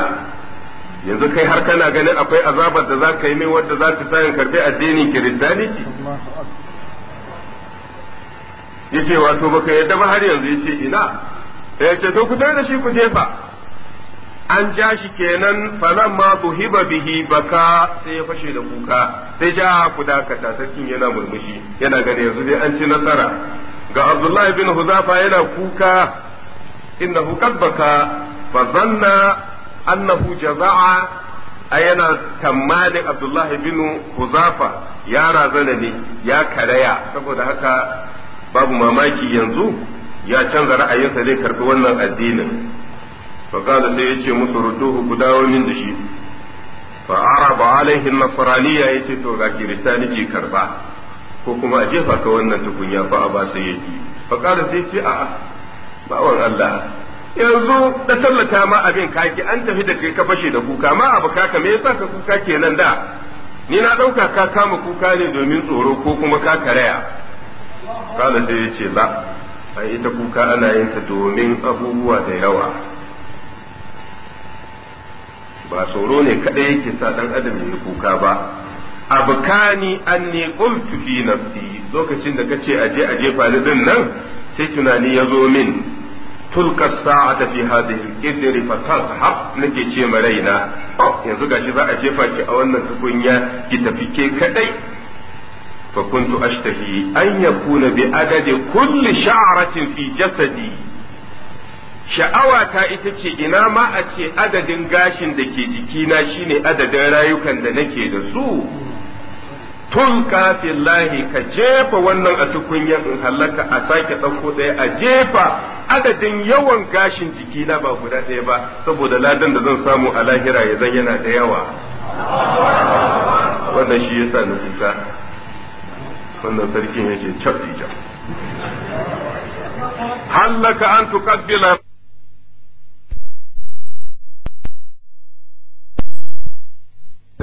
yanzu kai har kana ganin akwai azabar da za ka yi min wadda za ta sayin karbi addinin kiristaniki ya ce wato baka yadda ba har yanzu ya ce ina sai ya ce to ku da shi ku jefa an ja shi kenan falan ma hiba bihi baka sai ya fashe da kuka sai ja ah, ku dakata sarkin yana murmushi yana gani yanzu dai an ci nasara ga abdullahi bin huzafa yana kuka innahu kad baka فظن zanna annahu jaza'a a yana الله abdullahi bin huzafa ya razana ne ya karaya saboda haka babu mamaki yanzu ya canza ra'ayinsa zai karbi wannan addinin fa kaza sai ya ce musu rudduhu ku min da shi fa araba alaihi nasraniya yace to ga kiristani ji karba ko kuma a ka wannan tukunya fa ba yake fa sai ce a'a Allah yanzu da tallata ma abin kaki an tafi da kai ka fashe da kuka ma abu kaka me yasa ka kuka kenan da ni na dauka ka kama kuka ne domin tsoro ko kuma ka karaya kana da yace ce ba ai ita kuka ana yin ta domin abubuwa da yawa ba tsoro ne kadai yake sa dan adam ya kuka ba abu kani an ne qultu fi nafsi lokacin da kace aje aje fa nan sai tunani ya zo min tulka sa'ata fi hadhihi al-qidr fa tazhab nake ce ma raina oh, yanzu gashi za a jefa ki a wannan tukunya ki tafi ke kadai fa kuntu ashtahi an yakuna bi adadi kulli sha'ratin fi jasadi sha'awa ta ita ce ina ma a ce adadin gashin da ke jikina shine adadin rayukan da nake da su tun kafin lahi ka jefa wannan a tukunya in halaka a sake ɗauko ɗaya a jefa adadin yawan gashin jikina ba guda ɗaya ba saboda ladan da zan samu a lahira ya zan yana da yawa wannan shi ya na kusa wannan sarkin yake cabbi jam halaka an tuqabbila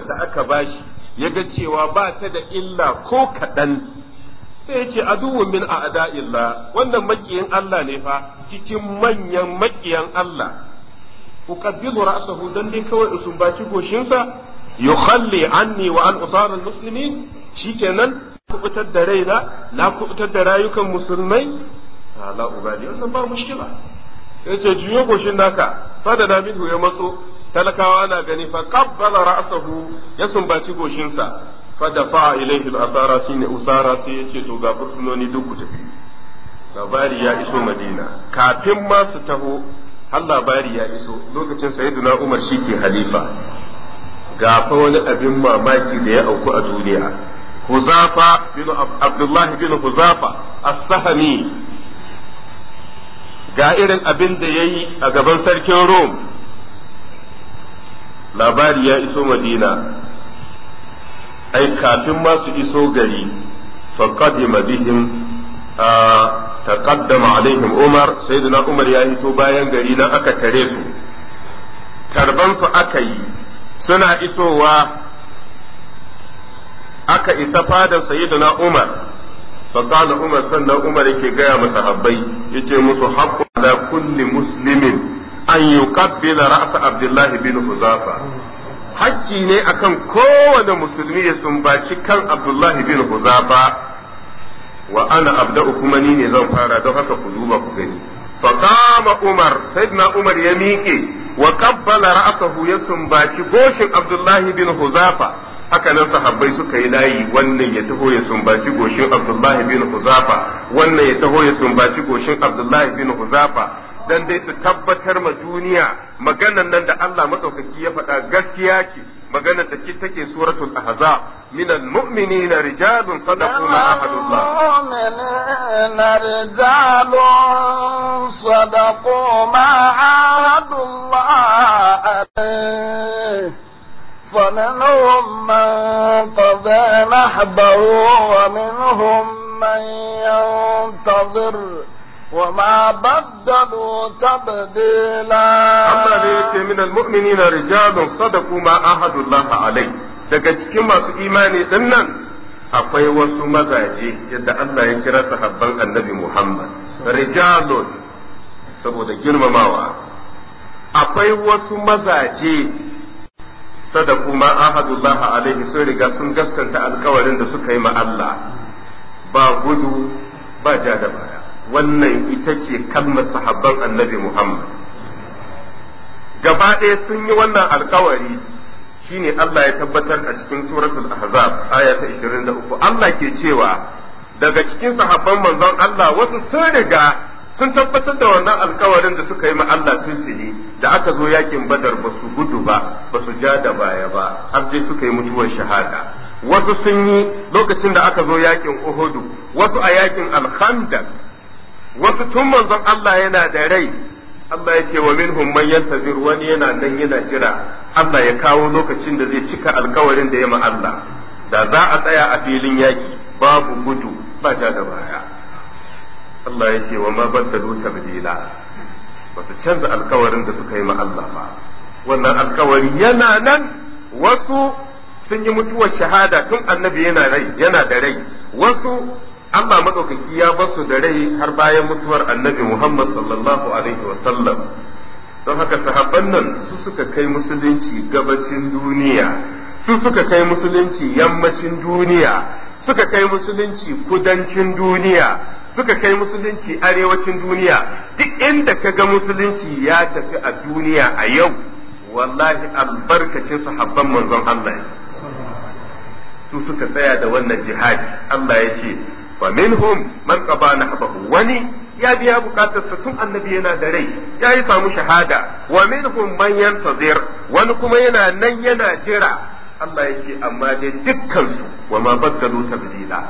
da aka bashi Yaga cewa ba ta da illa ko kaɗan sai ce aduwwun min illa wannan makiyin Allah ne fa cikin manyan makiyan Allah Ku uqabbidu ra'sahu dan dai kawai usun baci goshinsa yukhalli anni wa an usar almuslimin shikenan kubutar da raina na kubutar da rayukan musulmai la ubali wannan ba mushkila yace jiyo goshin naka fada da minhu ya matso talakawa na gani fa qabbala ra'sahu ya sumbaci goshinsa fa dafa ilaihi al-asara shine usara sai yace to ga fursunoni duk ku tafi labari ya iso madina kafin ma su taho har labari ya iso lokacin sayyiduna umar shike halifa ga fa wani abin mamaki da ya auku a duniya Huzafa bin Abdullahi bin Huzafa as-Sahami ga irin abin da yayi a gaban sarkin Rome labari ya iso madina ai kafin ma su iso gari faqadima bihim taqaddama alaihim umar sayyidina umar ya hito bayan gari nan aka tare su karban su aka yi suna isowa aka isa fadar sayyidina umar Umar عمر سنة عمر كي جاء متحبي yace musu haqqu ala kulli muslimin an yi yuqabbila ra'asa abdullahi bin huzafa hajji ne akan kowane musulmi ya sumbaci kan abdullahi bin huzafa wa ana abda'u kuma ni ne zan fara don haka ku duba ku gani fa umar عمر سيدنا عمر يميكي وقبل رأسه يسم ya sumbaci goshin abdullahi bin huzafa haka nan sahabbai suka yi layi wannan ya taho ya sumbaci goshin Abdullahi bin Huzafa wannan ya taho ya sumbaci goshin Abdullahi bin Huzafa dan dai su tabbatar ma duniya maganan nan da Allah madaukaki ya faɗa gaskiya ce maganar da take suratul ahzab minal mu'minina rijalun sadaqu ma ahadullah mu'minina rijalun sadaqu ma ahadullah فمنهم من قضى نحبه ومنهم من ينتظر وما بدلوا تبديلا الله ne yake min almu'minina rijalun sadaqu ma ahadullah alai daga cikin masu imani din nan akwai wasu mazaje yadda Allah ya kira sahabban annabi Muhammad rijalun saboda girmamawa akwai wasu mazaje sadaku ma ahadullah alaihi sun riga sun gaskanta alkawarin da suka yi ma Allah ba gudu ba ja da baya wannan ita ce kalmar sahabban annabi Muhammad gaba ɗaya sun yi wannan alkawari shine Allah ya tabbatar a cikin suratul ahzab aya ta 23 Allah ke cewa daga cikin sahabban manzon Allah wasu sun riga sun tabbatar da wannan alkawarin da suka yi ma Allah tuntuni da aka zo yakin badar ba su gudu ba ba su ja da baya ba har dai suka yi mutuwar shahada wasu sun yi lokacin da aka zo yakin Uhud wasu a yakin Al-Khandaq wasu tun manzon Allah yana da rai Allah ya ce wa minhum man yantazir wani yana nan yana jira Allah ya kawo lokacin da zai cika alkawarin da ya ma Allah da za a tsaya a filin yaki babu gudu ba ja da baya Allah ya ce wa ma baddalu tabdila ba canza alkawarin da suka yi ma Allah ba wannan alkawari yana nan wasu sun yi mutuwar shahada tun annabi yana rai yana da rai wasu Allah madaukaki ya su da rai har bayan mutuwar annabi Muhammad sallallahu alaihi wa sallam don haka sahabban nan su suka kai musulunci gabacin duniya su suka kai musulunci yammacin duniya suka kai musulunci kudancin duniya suka kai musulunci arewacin duniya duk inda ka ga musulunci ya tafi a duniya a yau wallahi albarkacin sahabban manzon Allah su suka tsaya da wannan jihadi Allah ya ce fa minhum man qaba nahbahu wani ya biya bukatarsa tun annabi yana da rai ya yi samu shahada wa minhum man yantazir wani kuma yana nan yana jera Allah ya ce amma dai dukkan su wa ma baddalu tabdila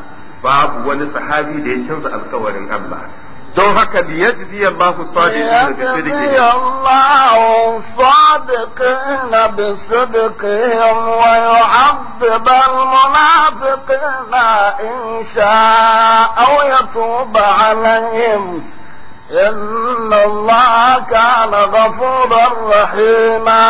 babu wani sahabi da ya canza alkawarin Allah don haka liyajzi Allahu na bi sidqihim sadiqin sadiqina bi sidqihim wa yu'adhib al-munafiqina in sha'a aw yatub 'alayhim إن الله كان غفورا رحيما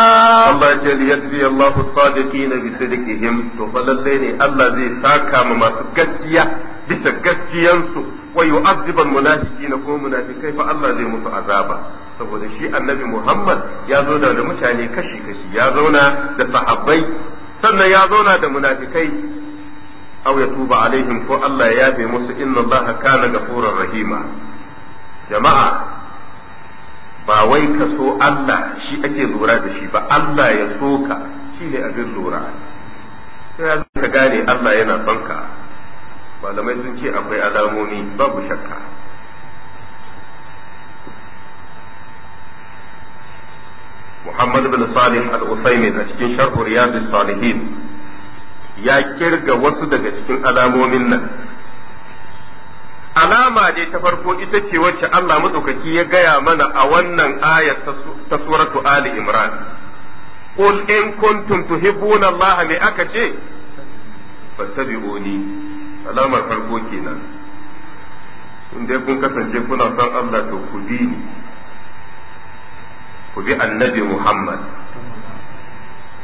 الله جل يجزي الله الصادقين بصدقهم تفضل الله ذي ساكا مما سكستيا بسكستيا سوء wa yu'azzibal munafiqina ko munafikai fa Allah zai musu azaba saboda shi annabi Muhammad ya zo da mutane kashi kashi ya zauna da sahabbai sannan ya zauna da munafikai aw yatuba alaihim ko Allah ya yabe musu inna Allah kana ghafurur rahima jama'a ba wai ka so Allah shi ake lura da shi ba Allah ya so ka shi ne abin lura sai ka gane Allah yana son ka malamai sun ce akwai alamomi babu shakka Muhammad bin Salih al-Uthaymin a cikin sharhu riyadus salihin ya kirga wasu daga cikin alamomin nan alama dai ta farko ita ce wacce Allah madaukaki ya gaya mana a wannan ayar ta suratu Ali Imran قل إن كنتم تحبون الله لأكتي fattabi'uni alamar farko kenan in dai kun kasance kuna son Allah to ku bi ni ku bi annabi Muhammad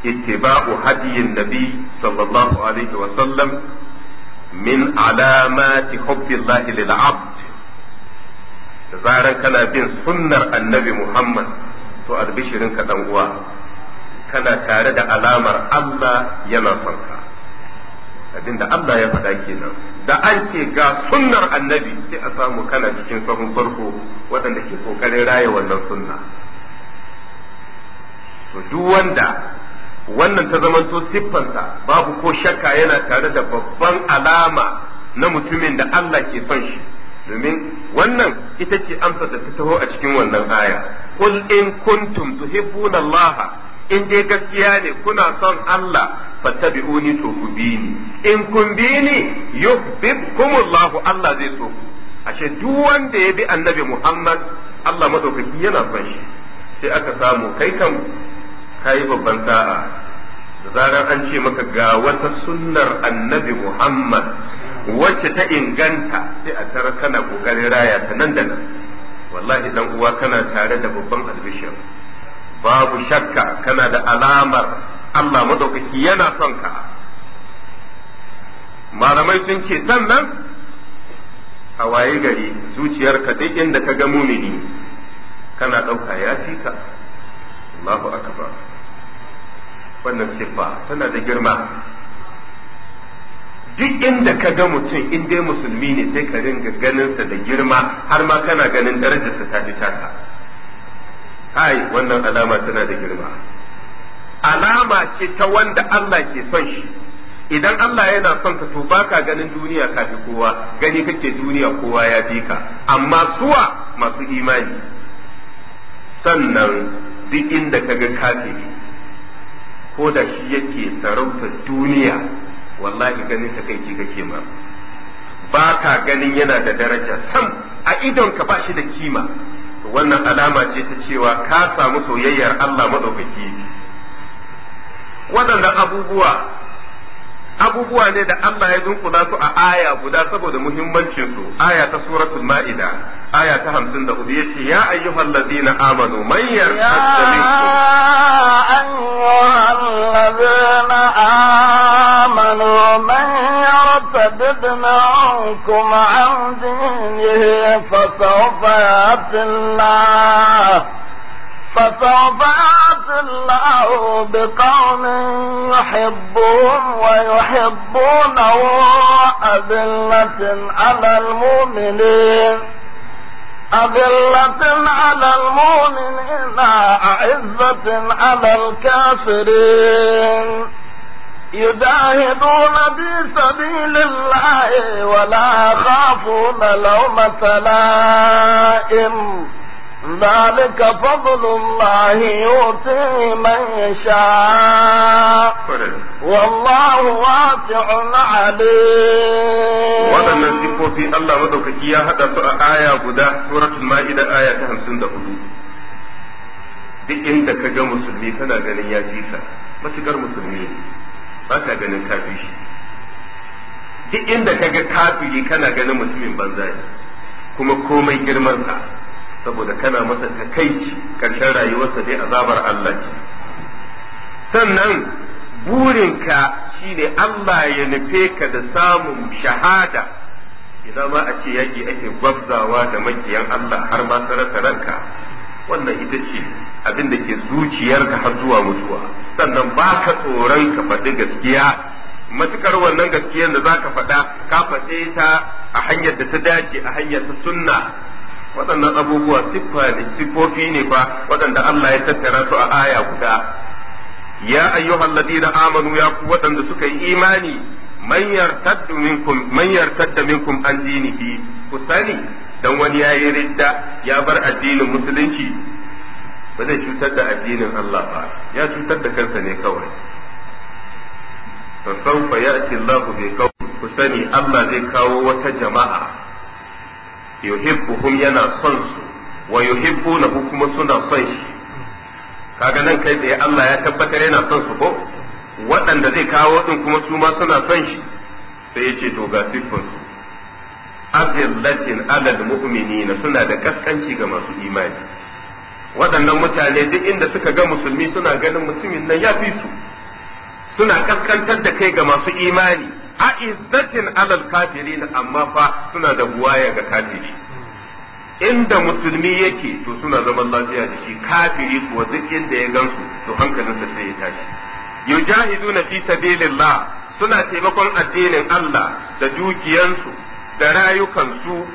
ittiba'u hadiyin nabi sallallahu alaihi wa sallam min alamati hubbillahi lil abd zaran kana bin sunnar annabi Muhammad to albishirin ka dan uwa kana tare da alamar Allah yana son ka abinda Allah ya faɗa kenan da an ce ga sunnar annabi sai a samu kana cikin sahun farko waɗanda ke ƙoƙarin raya wannan sunna to duk wanda wannan ta zamanto siffansa babu ko shakka yana tare da babban alama na mutumin da Allah ke son shi domin wannan ita ce amsar da ta taho a cikin wannan aya qul in kuntum tuhibbuna Allah in dai gaskiya ne kuna son Allah fattabi'uni to ku bi ni in kun bi ni yuhibbukumullahu Allah zai so ku ashe duk wanda ya bi annabi Muhammad Allah madaukaki yana son shi sai aka samu kai kan kai babban sa'a da zarar an ce maka ga wata sunnar annabi Muhammad wacce ta inganta sai a tara kana kokarin raya ta nan da nan wallahi dan uwa kana tare da babban albishir babu shakka kana da alamar Allah madaukaki yana son ka malamai sun ce sannan a waye gari zuciyarka duk inda ka ga mumini kana ɗauka ya fi ka Allahu akbar wannan siffa tana da girma duk inda ka ga mutum in dai musulmi ne sai ka ringa ganinsa da girma har ma kana ganin darajarsa ta fi taka kai wannan alama tana da girma alama ce ta wanda Allah ke son shi idan Allah yana son ka to baka ganin duniya kafi kowa gani kake duniya kowa ya fi ka amma suwa masu imani sannan duk inda ka ga kafiri ko da shi yake sarauta duniya wallahi ganin kai kake ma ba ka ganin yana da daraja sam a idon ka ba shi da kima wannan alama ce ta cewa ka samu soyayyar Allah madaukaki waɗannan abubuwa abubuwa ne da Allah ya dunkula su a aya guda saboda muhimmancin su aya ta suratul ma'ida aya ta 54 yace ya ayyuhal ladina amanu man yartadda minkum ya ayyuhal ladina amanu man yartadda minkum an dinihi fasawfa ya'ti Allah فسوف يأتي الله بقوم يحبهم ويحبونه أذلة على المؤمنين أذلة على المؤمنين أعزة على الكافرين يجاهدون في سبيل الله ولا يخافون لومة لائم ذلك فضل الله يؤتيه من يشاء والله واسع عليم waɗannan siffofi Allah madaukaki ya haɗa su a aya guda suratul ma'ida aya ta hamsin da hudu duk inda ka ga musulmi tana ganin ya fi sa matuƙar musulmi ba ta ganin kafi shi duk inda ka ga kafiri kana ganin musulmin banza kuma komai girman sa saboda kana masa takaici karshen rayuwarsa dai azabar Allah ce sannan burinka shine Allah ya nufe ka da samun shahada idan ma a ce yaƙi ake gwabzawa da makiyan Allah har ma sarata ranka wannan ita ce abin da ke zuciyarka har zuwa mutuwa sannan ba ka tsoron ka faɗi gaskiya matukar wannan gaskiyar da za ka faɗa ka faɗe ta a hanyar da ta dace a hanyar ta sunna waɗannan abubuwa siffa ne siffofi ne fa waɗanda Allah ya tattara su a aya guda ya ayyuhal ladina amanu ya ku waɗanda suka yi imani man yartaddu minkum man yartadda minkum an dinihi ku sani dan wani yayi ridda ya bar addinin musulunci ba zai cutar da addinin Allah ba ya cutar da kansa ne kawai fa sawfa ya'ti Allahu bi qawmin ku sani Allah zai kawo wata jama'a yuhibbuhum yana son su wa yuhibbunahu kuma suna son shi kaga nan kai tsaye Allah ya tabbatar yana son su ko waɗanda zai kawo din kuma su ma suna son shi sai yace to ga siffar su azillatin alal mu'minina suna da kaskanci ga masu imani waɗannan mutane duk inda suka ga musulmi suna ganin mutumin nan ya fi su suna kaskantar da kai ga masu imani A izzatin alal kafirin amma fa suna da buwaya ga kafiri inda musulmi yake to suna zaman lafiya da shi kafiri kuwa duk inda ya gansu to hankalinsa sai ya tashi yujahiduna fi sabilillah suna taimakon addinin Allah da dukiyansu da rayukansu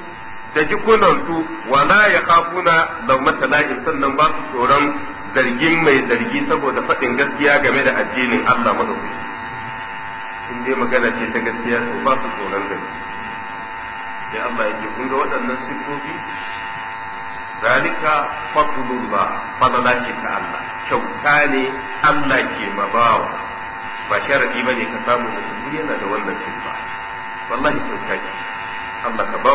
da jikunansu wala ya kafuna laumata matalahi sannan ba su tsoron zargin mai zargi saboda faɗin gaskiya game da addinin Allah madaukaki in dai magana ce ta gaskiya to ba su tsoron gani. sai Allah yake kun ga waɗannan siffofi zalika ba fadala ce ta Allah kyauta ne Allah ke mabawa ba sharadi bane ka samu musulmi yana da wannan siffa wallahi kyauta ce Allah ka mu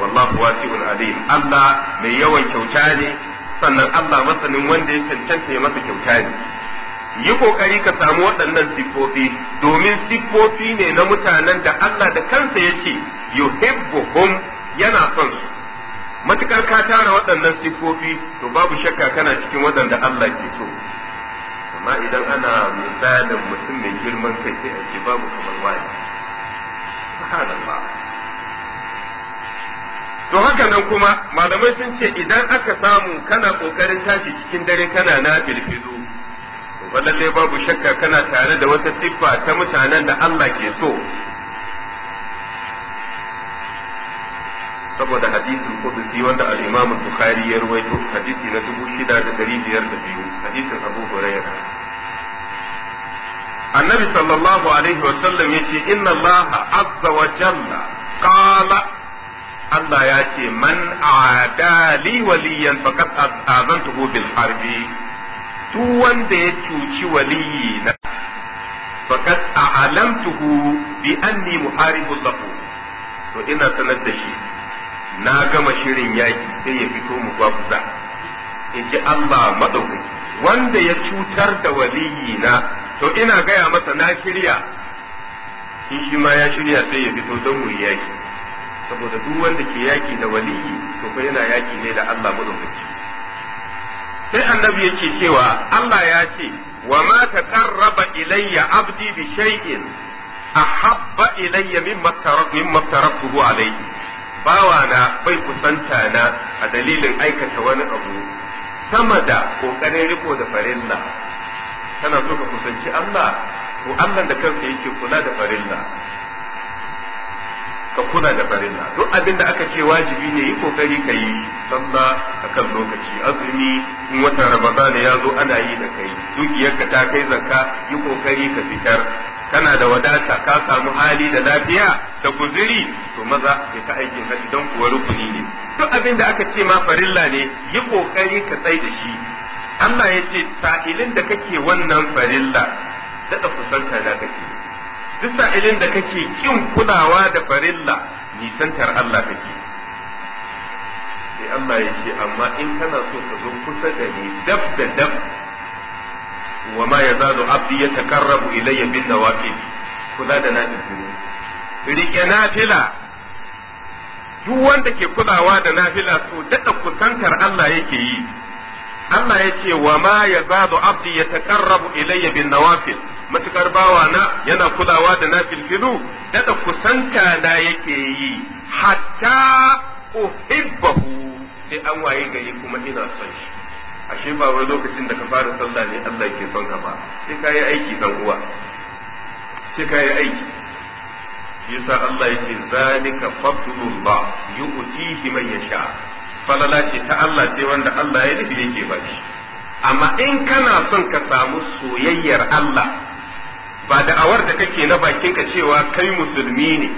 wallahu wasi'ul alim Allah mai yawan kyauta ne sannan Allah masanin wanda ya cancanta ya masa kyauta ne yi kokari ka samu waɗannan siffofi domin siffofi ne na mutanen da Allah da kansa ya ce yuhibbuhum yana son su matukar ka tara waɗannan siffofi to babu shakka kana cikin waɗanda Allah ke so amma idan ana misalin mutum mai girman kai sai a ce babu kamar wani to haka nan kuma malamai sun ce idan aka samu kana kokarin tashi cikin dare kana na filfilu wallalle babu shakka kana tare da wata siffa ta mutanen da Allah ke so saboda hadisin kudusi wanda al-Imam Bukhari ya rawaito hadisi na dubu shida da da dari biyar 6502 hadisin Abu Hurairah annabi sallallahu alaihi wa sallam ya ce, inna Allah azza wa jalla qala Allah ya ce man adali waliyan faqad azantuhu bil harbi duk wanda ya cuci waliyi na faqad a'lamtuhu bi anni muharibu lahu to ina sanar da shi na gama shirin yaki sai ya fito mu gwabza yaji Allah madaukaki wanda ya cutar da waliyi na to ina gaya masa na shirya in shi ma ya shirya sai ya fito don mu yaki saboda duk wanda ke yaki da waliyi to fa yana yaki ne da Allah madaukaki sai annabi yake cewa Allah ya ce wa ma taqarraba ilayya abdi bi shay'in ahabba ilayya mimma mimma taraktuhu alayhi bawana bai kusanta na a dalilin aikata wani abu sama da kokarin riko da farilla kana so ka kusanci Allah to Allah da kansa yake kula da farilla ka kula da farilla duk abin da aka ce wajibi ne yi kokari ka yi sallah kan lokaci azumi in watan ramadana ya zo ana yi da kai dukiyar ka ta kai zakka yi kokari ka fitar kana da wadata ka samu hali da lafiya da guziri to maza ka ta aikin haɗi don kuwa rukuni ne duk abin da aka ce ma farilla ne yi kokari ka tsai da shi Allah ya ce sa'ilin da kake wannan farilla daɗa kusanta da kake duk sa'ilin da kake kin kulawa da farilla nisantar Allah kake sai Allah ya ce amma in kana so ka zo kusa da ni dab da dab wa ma yazalu abdi ya yataqarrabu ilayya bin nawafil kula da na nafil rike nafila duk wanda ke kulawa da nafila to daɗa kusantar Allah yake yi Allah ya ce wa ma ya abdi ya taƙarrabu ilayya bin nawafil matukar bawa na yana kulawa da na filfilu dada kusanta na yake yi hatta uhibbahu sai an waye gari kuma ina son shi ashe ba wai lokacin da ka fara sallah ne Allah ke son ka ba sai ka yi aiki dan uwa sai ka yi aiki shi yasa Allah yake zalika fadlullah yu'tihi man yasha falala ce ta Allah sai wanda Allah ya nufi yake ba shi amma in kana son ka samu soyayyar Allah ba da'awar da kake na bakinka cewa kai musulmi ne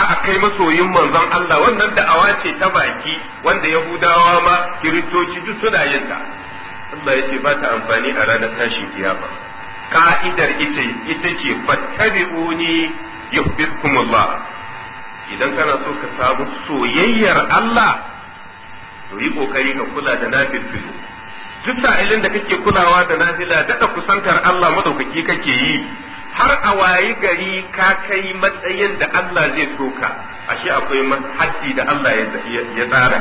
a'a kai masoyin manzon Allah wannan da'awa ce ta baki wanda yahudawa ma kiristoci duk suna yin ta Allah ya ce ba ta amfani a ranar tashin kiyama ka'idar ita ita ce fattabi'uni yuhibbukumullah idan kana so ka samu soyayyar Allah to yi kokari ka kula da nafilu duk sa'ilin da kake kulawa da nafila daɗa kusantar Allah madaukaki kake yi har a wayi gari ka kai matsayin da Allah zai soka ashe akwai haddi da Allah ya tsara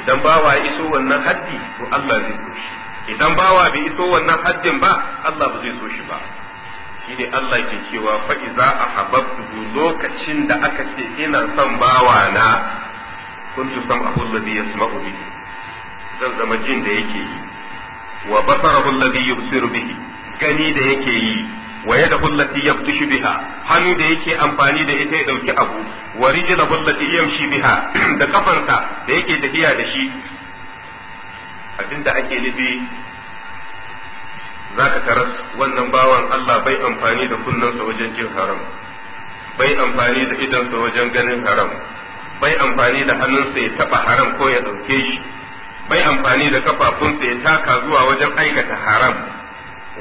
idan bawa ya iso wannan haddi to Allah zai so shi idan bawa bai iso wannan haddin ba Allah ba zai so shi ba ne Allah ke cewa fa iza ahabbtu lokacin da aka ce ina son bawa na kuntu sam'ahu alladhi yasma'u bihi zan zama jin da yake yi wa basarahu alladhi yubsiru bihi gani da yake yi wa yadahu allati yabtishu biha hannu da yake amfani da ita ya dauki abu wa rijluhu allati yamshi biha da kafarsa da yake tafiya da shi abinda ake nufi zaka taras wannan bawan Allah bai amfani da kunnansa wajen jin haram bai amfani da idansa wajen ganin haram bai amfani da hannunsa ya taba haram ko ya dauke shi bai amfani da kafafunsa ya taka zuwa wajen aikata haram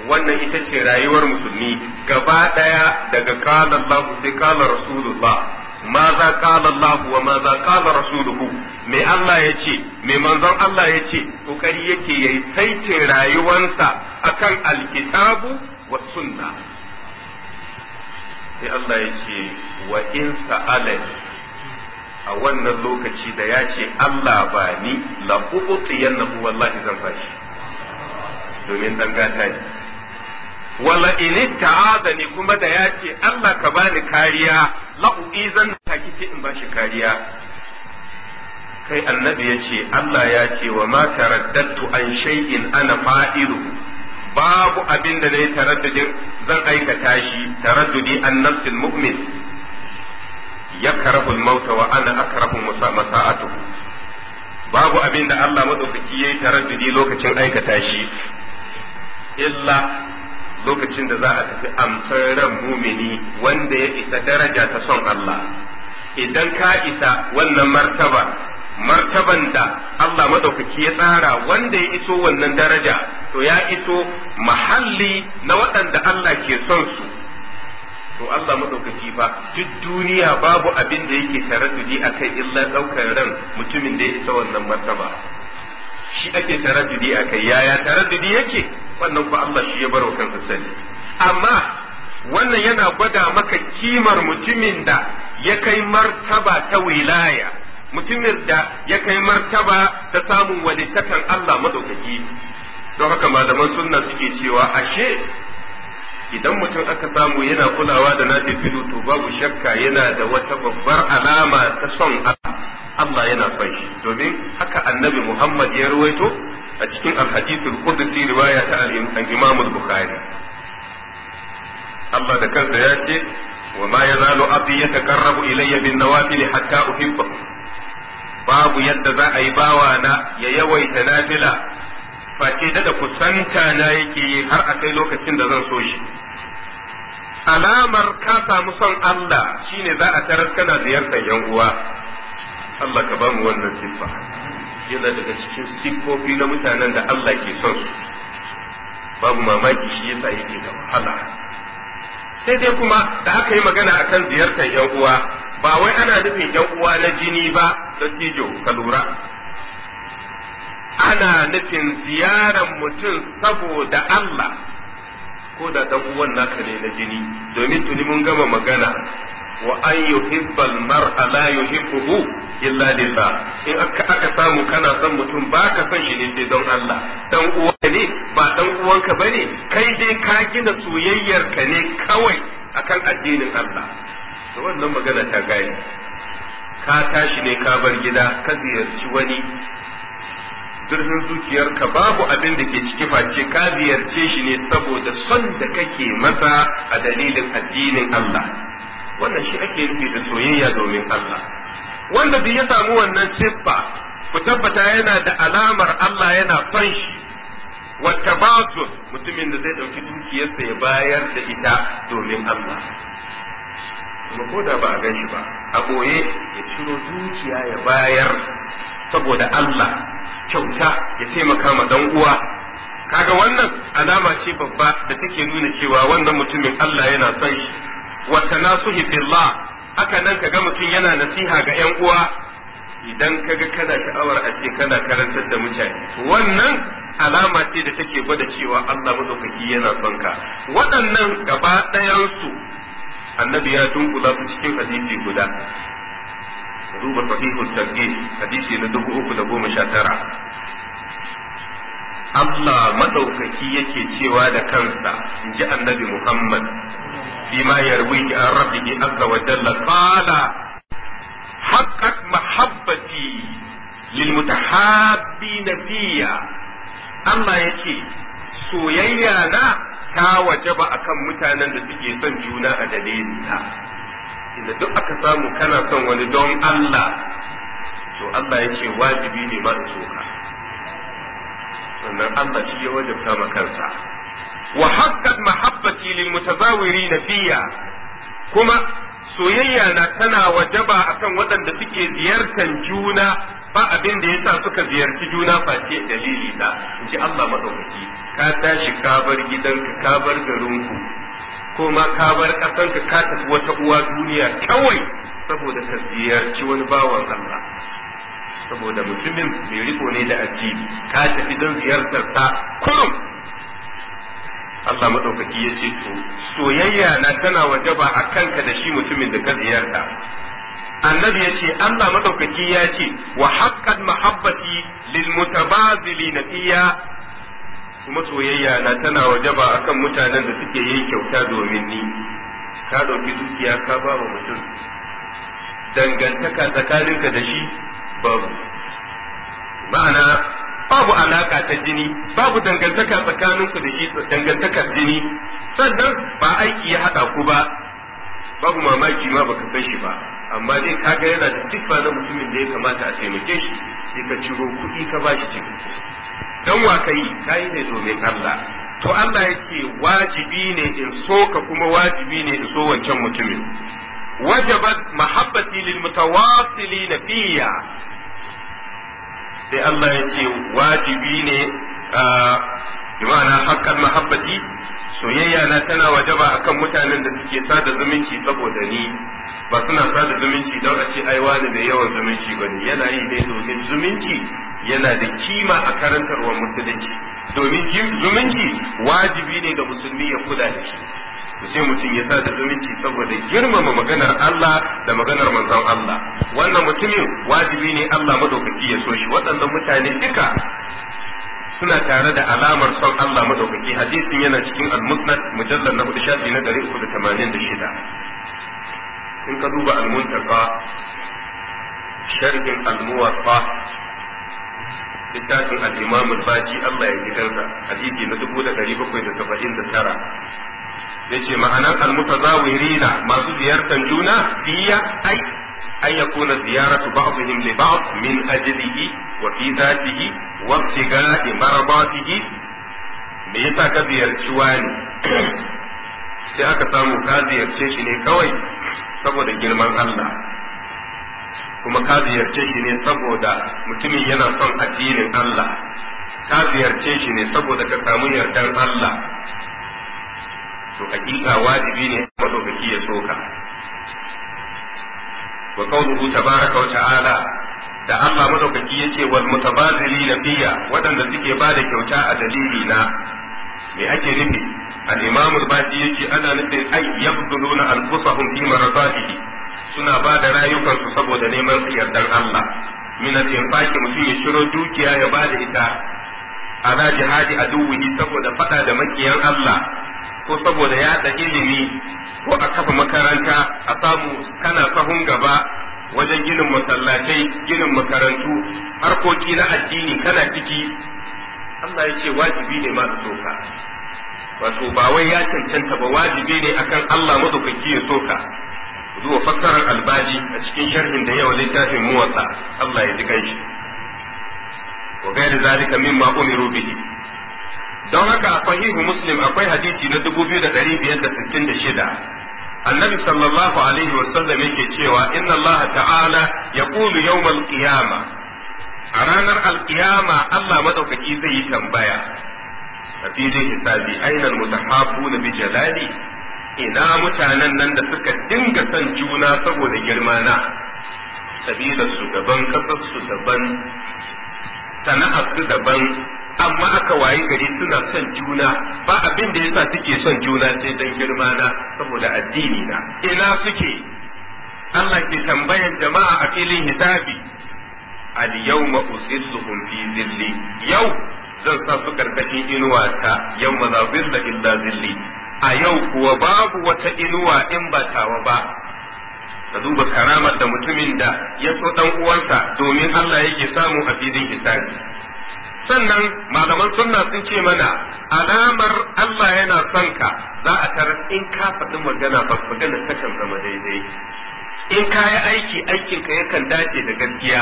wannan ita ce rayuwar musulmi gaba daya daga qala Allah sai qala Rasulullah ma za qala Allah wa ma za qala rasuluhu me Allah yace me manzon Allah yace kokari yake yayi saitin rayuwarsa akan alkitabu wa sunna sai Allah yace wa in sa'alani a wannan lokaci da ya ce Allah ba ni la uqtiyan nahu wallahi zan fashi domin dan gata ne wala in ta'adani kuma da ya ce Allah ka bani kariya la zan ka kici in shi kariya kai annabi ya ce Allah ya ce wa ma taraddatu an shay'in ana fa'ilu babu abin da nayi taraddudin zan aikata shi taraddudi an nafsil mu'min yakrahu al-maut wa ana akrahu masa'atuhu babu abin da Allah madaukaki yayi taraddudi lokacin aikata shi illa lokacin da za a tafi amsar ran mumini wanda ya isa daraja ta son Allah idan ka isa wannan martaba martaban da Allah madaukaki ya tsara wanda ya iso wannan daraja to ya iso mahalli na waɗanda Allah ke son su to Allah madaukaki ba duk duniya babu abin da yake ni akai illa daukar ran mutumin da ya isa wannan martaba shi ake ni akai yaya ni yake wannan ku Allah shi ya baro kansa sani amma wannan yana gwada maka kimar mutumin da ya kai martaba ta wilaya mutumin da ya kai martaba ta samun walittakan Allah madaukaki don haka malaman sunna suke cewa ashe idan mutum aka samu yana kulawa da na filu to babu shakka yana da wata babbar alama ta son Allah yana son shi domin haka annabi Muhammad ya ruwaito a cikin alhadisul qudsi riwaya ta al-Imam al-Bukhari Allah da kansa ya ce wa ma yazalu abdi yataqarrabu ilayya bin nawafil hatta uhibba babu yadda za a yi bawa na ya yawaita nafila face da kusanta na yake yi har a kai lokacin da zan so shi alamar ka samu son Allah shine za a tarar kana ziyartar yan uwa Allah ka bamu wannan siffa yana daga cikin siffofi na mutanen da Allah ke son su babu mamaki shi yasa yake da wahala sai dai kuma da aka yi magana akan ziyartar yan uwa ba wai ana nufin yan uwa na jini ba da tijo ka lura ana nufin ziyarar mutum saboda Allah ko da dan uwan naka ne na jini domin tuni mun gama magana wa an yuhibbal mar'a la yuhibbuhu illa lillah in aka samu kana son mutum baka son shi ne sai don Allah dan uwa ne ba dan uwanka bane kai dai ka gina soyayyar ka ne kawai akan addinin Allah to wannan magana ta gani ka tashi ne ka bar gida ka ziyarci wani zurfin zuciyarka babu abin da ke ciki face ka ziyarce shi ne saboda son da kake masa a dalilin addinin Allah wannan shi ake nufi da soyayya domin Allah wanda duk ya samu wannan siffa ku tabbata yana da alamar Allah yana son shi wata batu mutumin da zai ɗauki dukiyarsa ya bayar da ita domin Allah kuma ko da ba a gan ba a ɓoye ya ciro dukiya ya bayar saboda Allah kyauta ya taimaka ma dan uwa kaga wannan alama ce babba da take nuna cewa wannan mutumin Allah yana son shi wa tanasuhi billah haka nan kaga mutum yana nasiha ga yan uwa idan kaga kana sha'awar a ce kana karantar da mutane wannan alama ce da take gwada cewa Allah madaukaki yana son ka waɗannan gaba ɗayan su annabi ya dunkula su cikin hadisi guda duba sahihul targhib hadisi na 319 Allah madaukaki yake cewa da kansa in ji annabi Muhammad bima yarwihi an rabbihi azza wa jalla qala haqqat mahabbati lil mutahabbina fiya Allah yake soyayya na ta wajaba akan mutanen da suke son juna a dalilinta inda duk aka samu kana son wani don Allah to Allah yake wajibi ne ba in so ka sannan Allah shi ya wajabta ma kansa wa haqqat mahabbati lil mutazawirin fiya kuma soyayya na tana wajaba akan waɗanda suke ziyartar juna ba abin da yasa suka ziyarci juna face dalili da in ji Allah madaukaki ka tashi ka bar gidanka ka bar garinku ko ma ka bar kasan ka tafi wata uwa duniya kawai saboda ka ziyarci wani bawan Allah saboda mutumin mai riko ne da addini ka tafi don ziyartar ta kurum Allah madaukaki ya ce to soyayya na tana wajaba a kanka da shi mutumin da ka ziyarta annabi ya ce Allah madaukaki ya ce wa haqqan mahabbati lil mutabazilina kuma soyayya na tana wajaba akan mutanen da suke yin kyauta domin ni ka ɗauki dukiya ka ba wa mutum dangantaka tsakaninka da shi babu ma'ana babu alaka ta jini babu dangantaka tsakaninku da shi dangantakar jini sannan ba aiki ya haɗa ku ba babu mamaki ma baka san shi ba amma dai kaga yana da siffa na mutumin da ya kamata a taimake shi sai ka ciro kuɗi ka ba shi taimako dan wa kai kai ne domin Allah to Allah yake wajibi ne in so ka kuma wajibi ne in so wancan mutumin wajabat mahabbati lil mutawassilina fiya sai Allah yake wajibi ne bima'ana haqqan mahabbati soyayya na tana wajaba akan mutanen da suke sada zumunci saboda ni ba suna sada zumunci don a ce ai mai yawan zumunci ne, yana yi ne domin zumunci yana da kima a karantarwar musulunci domin zumunci wajibi ne ga musulmi ya kula da shi sai mutum ya sa da zumunci saboda girmama maganar Allah da maganar manzon Allah wannan mutumin wajibi ne Allah madaukaki ya so shi waɗannan mutane duka suna tare da alamar son Allah madaukaki hadisin yana cikin al-musnad mujallal na 4 shafi na 386 in ka duba almuntaka sharhin al-muwaffaq littafin al-Imam al-Baji Allah ya yi kansa hadisi na 1779 yace ma'anar al-mutazawirina masu ziyartar juna diya ai an yakuna ziyaratu ba'dihim li ba'd min ajlihi wa fi zatihi wa ibtiga'i marabatihi me yasa ka ziyarci wani sai aka samu ka ziyarce shi ne kawai saboda girman Allah kuma ka ziyarce shi ne saboda mutumin yana son addinin Allah ka ziyarce shi ne saboda ka samu yardan Allah to hakika wajibi ne madaukaki ya soka wa qawluhu tabaraka wa ta'ala da Allah madaukaki yace wal mutabazili biya wadanda suke bada kyauta a dalili na me ake nufi al-imam al-baqi yake ana nufin ay yabduluna anfusahum fi maradatihi suna ba da rayukansu saboda neman su yardar Allah minal faki mutum ya shiro dukiya ya ba da ita ala jihadi aduwihi saboda fada da makiyan Allah ko saboda ya da ilimi ko a kafa makaranta a samu kana sahun gaba wajen ginin masallatai ginin makarantu harkoki na addini kana ciki Allah ya ce wajibi ne masu soka wato ba wai ya cancanta ba wajibi ne akan Allah mazaukaki ya soka zuwa fassarar albaji a cikin sharhin da yawa littafin muwatsa Allah ya ji kanshi wa gairi zalika mimma umiru bihi don haka a sahihu muslim akwai hadisi na 2566 annabi sallallahu alaihi wa sallam yake cewa inna Allah ta'ala yaqulu yawmal qiyama a ranar alkiyama Allah madaukaki zai yi tambaya a filin hisabi ainal mutahabbu bi jalali ina mutanen nan da suka dinga son juna saboda girma na sabida su daban kasar su daban sana'ar su daban amma aka wayi gari suna son juna ba abin da yasa suke son juna sai dan girma na saboda addini na ina suke Allah ke tambayan jama'a a filin hisabi al yawma usisuhum fi zilli yau zan sa su karkashin inuwa ta yawma la da illa zilli a yau kuwa babu wata inuwa in ba tawa ba ka duba karamar da mutumin da ya so ɗan uwansa domin Allah yake samu a filin hisabi sannan malaman sunna sun ce mana alamar Allah yana son ka za a tarar in ka faɗi magana ba magana takan zama daidai in ka yi aiki aikinka yakan dace da gaskiya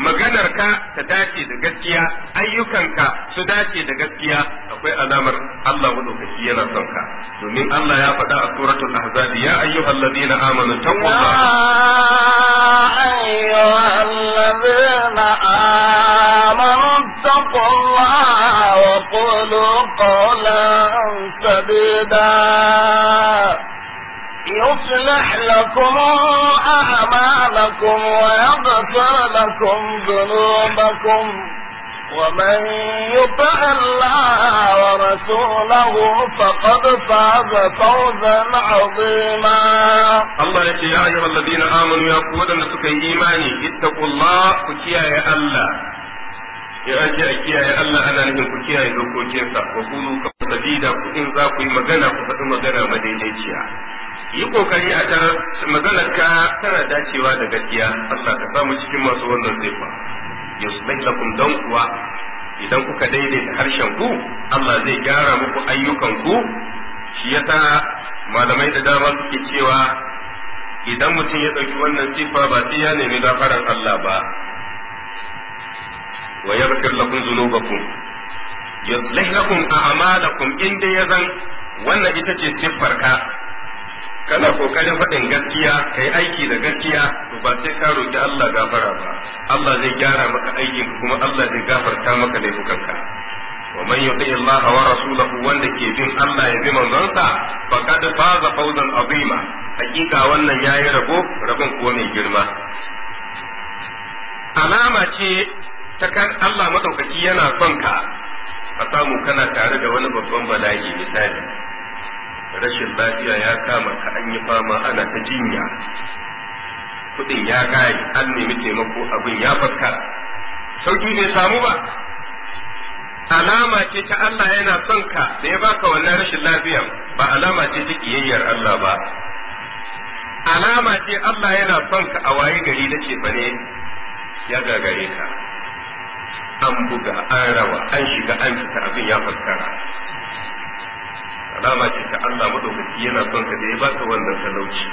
maganarka ta dace da gaskiya ayyukanka su dace da gaskiya akwai alamar Allah madaukaki yana son ka domin Allah ya faɗa a suratul ahzab ya ayyuhal ladina amanu taqullaha ya ayyuhal ladina amanu taqullaha wa qulu qawlan sadida يصلح لكم أعمالكم ويغفر لكم ذنوبكم ومن يطع الله ورسوله فقد فاز فوزا عظيما الله يا أيها الذين آمنوا يا قوة نسكي إيماني اتقوا الله كتيا يا الله ya ake a kiyaye Allah ana nufin ku kiyaye dokokinsa wa kunu ka sadida ku in za ku yi magana ku faɗi magana madaidaiciya yi kokari a tar maganar ka tana dacewa da gaskiya Allah ka samu cikin masu wannan sifa yuslih lakum dan kuwa idan kuka daidaita harshen ku Allah zai gyara muku ayyukan ku shi yasa malamai da dama suke cewa idan mutum ya ɗauki wannan sifa ba sai ya nemi gafaran Allah ba wa yaghfir lakum dhunubakum yuslih lakum a'malakum in dai yazan wannan ita ce siffar ka kana kokarin faɗin gaskiya kai aiki da gaskiya to ba sai ka roki Allah gafara ba Allah zai gyara maka aikin kuma Allah zai gafarta maka laifukanka wa man yuti Allah wa rasulahu wanda ke bin Allah ya bi manzonsa faqad faza fawzan azima hakika wannan yayi rabo rabon kuwa ne girma alama ce ta kan Allah madaukaki yana son ka A samu kana tare da wani babban bala'i misali rashin lafiya ya kama ka an yi fama ana ta jinya kudin ya gaya an nemi taimako abin ya faska sauki bai samu ba alama ce ta Allah yana son ka da ya baka wannan rashin lafiyan ba alama ce ta kiyayyar Allah ba alama ce Allah yana son ka a waye gari na ce bane ya gagare ka an buga an rawa an shiga an fita abin ya faskara alama ce ta Allah madaukaki yana son ka da ya baka wannan talauci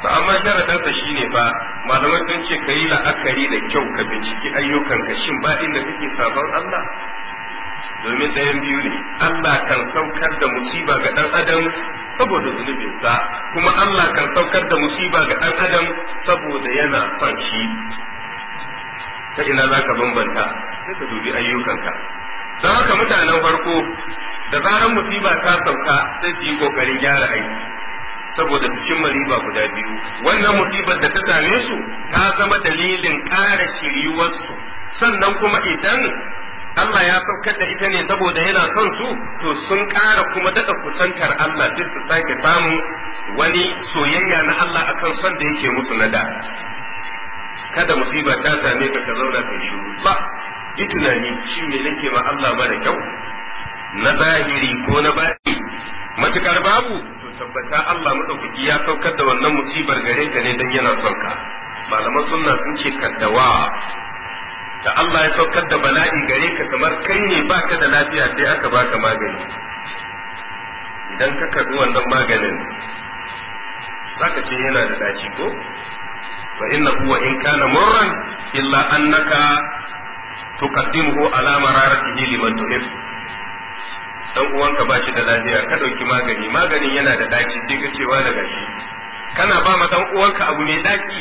Ba amma sharadansa shine ba. malamai sun ce ka yi la'akari da kyau ka binciki ayyukanka shin ba inda kake sabon Allah domin ɗayan biyu ne Allah kan saukar da musiba ga ɗan adam saboda sa kuma Allah kan saukar da musiba ga ɗan adam saboda yana son shi ta ina za ka bambanta sai ka dubi ayyukanka don haka mutanen farko da zaran musiba ta sauka sai su yi kokarin gyara aiki saboda su cimma riba guda biyu wannan musibar da ta same su ta zama dalilin ƙara su, sannan kuma idan Allah ya saukar da ita ne saboda yana son su to sun ƙara kuma daɗa kusantar Allah duk su sake samu wani soyayya na Allah akan son da yake musu na da kada musiba ta same ka ka zauna ka shiru ba yi tunani shi ne nake ma Allah mara kyau na zahiri ko na bari matukar babu to tabbata Allah madaukaki ya saukar da wannan musibar gare ka ne dan yana son ka malaman sunna sun ce kaddawa da Allah ya saukar da bala'i gare ka kamar kai ne baka da lafiya sai aka baka magani idan ka karbi wannan maganin zaka ce yana da daci ko fa inna huwa in kana murran illa annaka tuqaddimuhu ala mararatihi liman tuhibbu dan uwanka ba shi da lafiya ka ɗauki magani maganin yana da ɗaci sai ka cewa da gashi kana ba ma dan uwanka abu mai ɗaci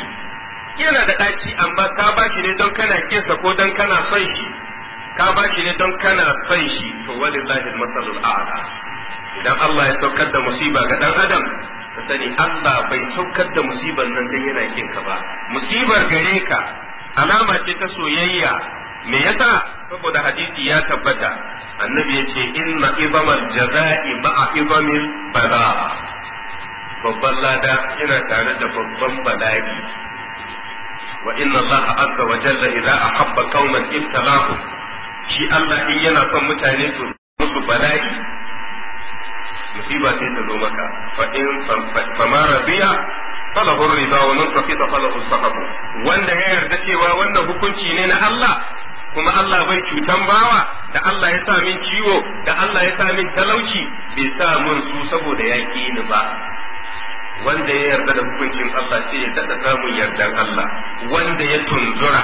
yana da ɗaki, amma ka ba shi ne don kana kesa, ko don kana son shi ka ba shi ne don kana son shi to walillahi masalul a'la idan Allah ya saukar da musiba ga dan adam ka sani Allah bai saukar da musibar nan dan yana kin ka ba musibar gare ka alama ce ta soyayya me yasa saboda hadisi ya tabbata annabi ya ce inna izamal jaza'i ma'a izamil bala babban lada yana tare da babban bala'i wa inna Allah azza wa jalla idza ahabba qauman ibtalahu shi Allah in yana son mutane su musu bala'i musiba sai ta zo maka fa in fama rabiya falahu riba wa man safita falahu sahabu wanda ya yarda cewa wannan hukunci ne na Allah kuma Allah bai cutan bawa da Allah ya sa min ciwo da Allah ya sa min talauci bai sa mun su saboda ya ni ba wanda ya yarda da hukuncin Allah sai ya dada samun yardan Allah wanda ya tunzura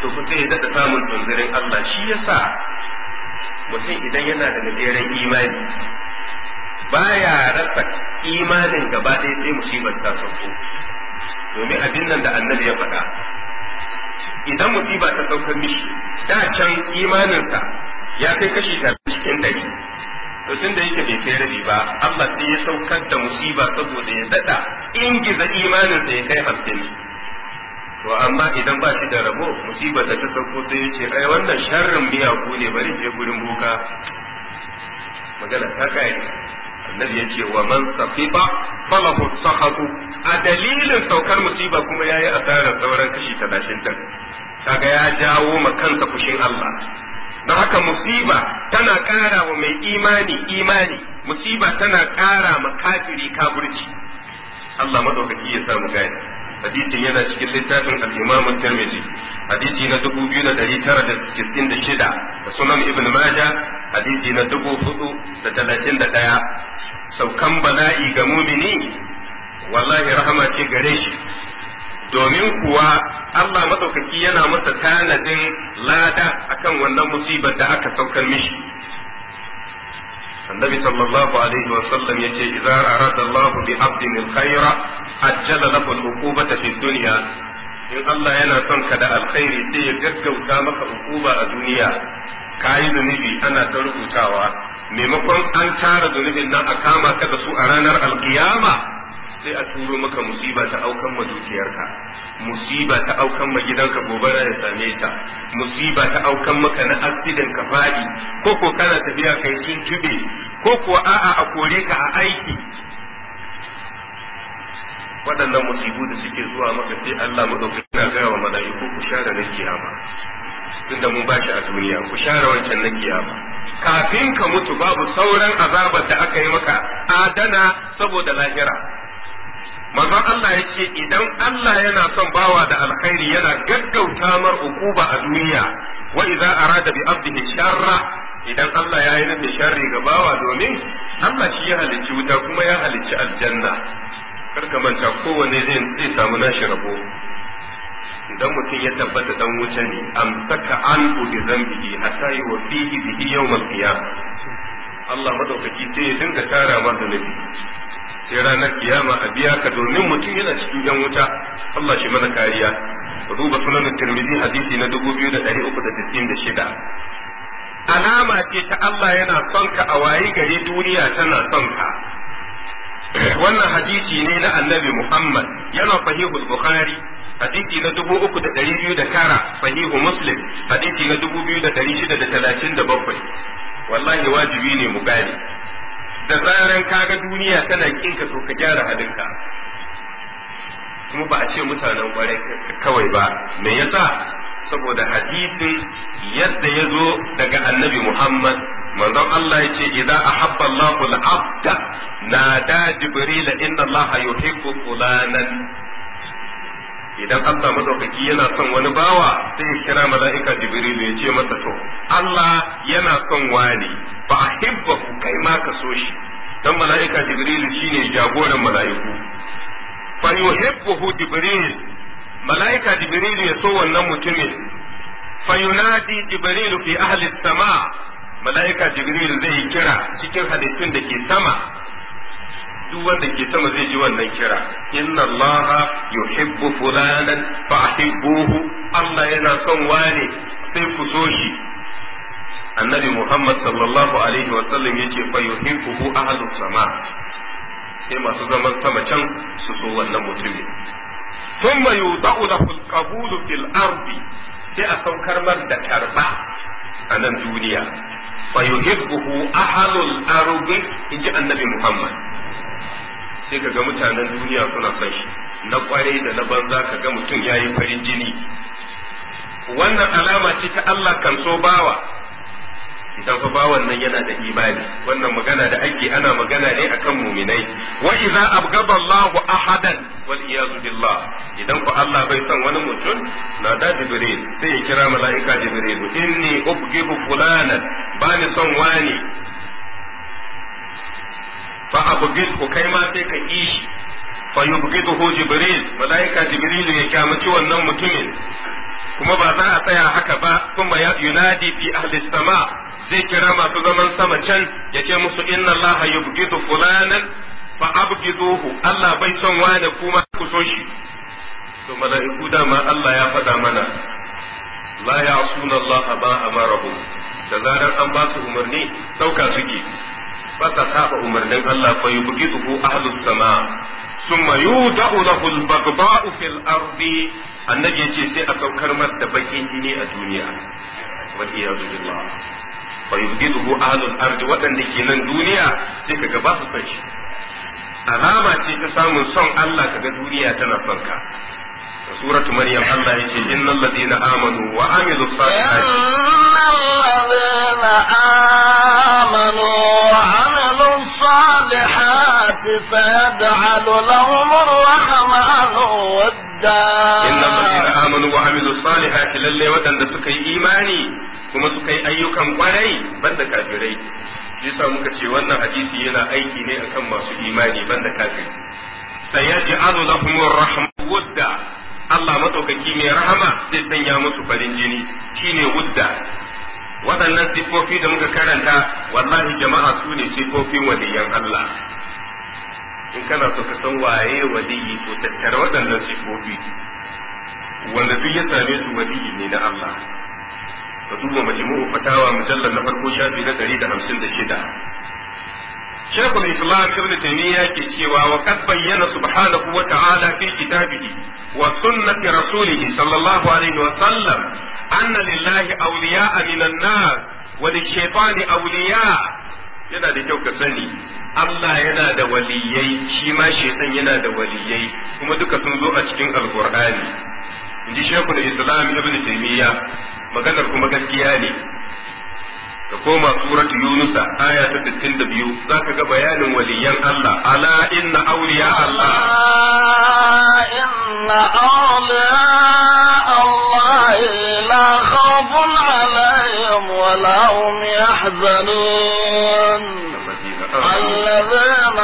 to ku sai ya dada samun tunzurin Allah shi yasa mutum idan yana da gajeren imani baya rasa imanin gaba ɗaya sai musibar ta sauko domin abin nan da annabi ya faɗa idan musiba ta saukar mishi da can imaninsa ya kai kashi ta cikin dari to tun da yake bai kai rabi ba Allah sai ya saukar da musiba saboda ya dada ingiza imaninsa ya kai hamsin to amma idan ba shi da rabo musiba ta ta sauko sai ya ce ai wannan sharrin biya ku ne bari je gurin boka magana ta kai annabi ya ce wa man safifa falahu sahatu a dalilin saukar musiba kuma yayi asarar sauran kashi 30 din kaga ya jawo ma kansa fushin Allah don haka musiba tana ƙara wa mai imani imani musiba tana ƙara ma kafiri kafirci Allah madaukaki ya samu gani hadisin yana cikin littafin al-Imam Tirmidhi hadisi na 2966 da sunan Ibn Majah hadisi na 4031 saukan bala'i ga mumini wallahi rahama ce gare shi domin kuwa Allah madaukaki yana masa tanadin lada akan wannan musibar da aka saukar mishi annabi sallallahu alaihi wa sallam yace idza arada Allah bi abdin alkhaira ajjala lahu al'uqubata fi dunya in Allah yana son ka da alkhairi sai ya gaggauta maka uquba a duniya kayi zunubi ana ta rubutawa maimakon an tara zunubin na a kama ka da su a ranar alkiyama sai a turo maka musiba ta aukan ma dukiyarka musiba ta aukan ma gidanka gobara ya same ta musiba ta aukan maka na accident ka fadi ko ko kana tafiya kai tube ko ko a'a a kore ka a aiki waɗannan musibu da suke zuwa maka sai Allah dauke na gaya wa mala'iku ku share na kiyama tunda mun bashi a duniya ku share wancan na kiyama kafin ka mutu babu sauran azabar da aka yi maka adana saboda lahira manzon Allah yake idan Allah yana son bawa da alkhairi yana gaggauta mar ukuba a duniya wa idza arada bi abdihi sharra idan Allah ya yi nufin sharri ga bawa domin Allah shi ya halicci wuta kuma ya halicci aljanna kar ka manta kowanne zai zai samu nashi rabo idan mutum ya tabbata dan wuta ne am saka an bi zambihi hatta yuwaffihi bihi yawmal qiyamah Allah madaukaki sai ya dinga tara masa nabi sai ranar kiyama a biya ka domin mutum yana cikin yan wuta Allah shi mana kariya Ku duba sunan tirmidhi hadisi na 2396 alama ce ta Allah yana son ka a waye gare duniya tana son ka wannan hadisi ne na annabi Muhammad yana sahihul bukhari hadisi na dubu uku da ɗari biyu da tara sahihu muslim hadisi na dubu biyu da ɗari shida da talatin da bakwai wallahi wajibi ne mu gane da zaran kaga duniya tana kinka to ka gyara halinka kuma ba a ce mutanen kwarai kawai ba me yasa saboda hadisin yadda ya zo daga annabi Muhammad manzon Allah ya ce idan ahabba Allahu al-abda nada jibril inna Allah yuhibbu fulanan idan Allah madaukaki yana son wani bawa sai ya kira mala'ika jibril ya ce masa to Allah yana son wani Ba hibba ku kai ma ka so shi dan mala'ika jibril shine jagoran mala'iku fa yuhibbuhu jibril mala'ika jibril ya so wannan mutumin fa yunadi jibril fi ahli as-samaa mala'ika jibril zai kira cikin hadisin da ke sama duk wanda ke sama zai ji wannan kira inna allaha yuhibbu fulanan fa ahibbuhu Allah yana son wani sai ku so shi annabi Muhammad sallallahu alaihi wasallam yake fa yuhibbuhu ahlus sama sai masu zaman sama can su so wannan mutumin thumma yudau lahu al-qabulu fil ardi sai a saukar man da karba a nan duniya fa yuhibbuhu al ardi inji annabi Muhammad sai kaga mutanen duniya suna son na kwarai da na banza kaga mutum yayi farin jini wannan alama ce ta Allah kan so bawa idan fa bawan nan yana da imani wannan magana da ake ana magana ne akan muminai wa idza abghada Allahu ahadan wal iyazu billah idan fa Allah bai san wani mutum na da jibril sai ya kira malaika jibril inni ubgibu fulana bani son wani fa abgidu kai ma sai ka kishi fa yubghiduhu jibril malaika jibril ya kyamaci wannan mutumin kuma ba za a tsaya haka ba kuma yunadi fi ahli sama zai kira masu zaman sama can ya ce musu inna Allah yubghidu fulanan fa abghiduhu Allah bai son wani kuma ku shi to mala'iku dama Allah ya faɗa mana la ya'suna Allah ba amarahu da zarar an ba su umarni dauka suke fata saba umarnin Allah fa yubghiduhu ahlus sama summa yuda'u lahu al-baghdha'u fil ardi annabi yace sai a saukar masa bakin jini a duniya wal iyadu billah fa yubghiduhu ahlul ardi waɗanda ke nan duniya sai kaga ba su son shi alama ce ta samun son Allah kaga duniya tana son ka سورة مريم الله يجي إن الذين آمنوا وعملوا الصالحات إن الذين آمنوا وعملوا الصالحات سيجعل لهم الرحمن ودا إن الذين آمنوا وعملوا الصالحات للي ودن دسك إيماني kuma suka yi ayyukan kwarai banda kafirai yasa muka ce wannan hadisi yana aiki ne akan masu imani banda kafirai sayaj'alu lahum ar rahama. wudda Allah madaukaki mai rahama zai sanya musu farin jini shine wudda waɗannan sifofi da muka karanta wallahi jama'a su ne sifofin waliyan Allah in kana so ka san waye waliyi to tattara waɗannan sifofi wanda duk ya same su waliyi ne na Allah ka duba majmu'u fatawa mujallal na farko shafi na 156 Shaykhul Islam Ibn Taymiyyah ke cewa wa qad bayyana subhanahu wa ta'ala fi kitabihi wa sunnati rasulihi sallallahu alaihi wa sallam anna lillahi awliya'a minan nas wa lishaytani yana da kyau ka sani Allah yana da waliyyai. shi ma shaytan yana da waliyyai. kuma duka sun zo a cikin alqur'ani inji Shaykhul Islam Ibn Taymiyyah maganar kuma gaskiya ne ka koma suratu yunusa aya ta 62 zaka ga bayanin waliyan Allah ala inna awliya Allah inna awliya Allah la khawfun alaihim wa la hum yahzanun الذين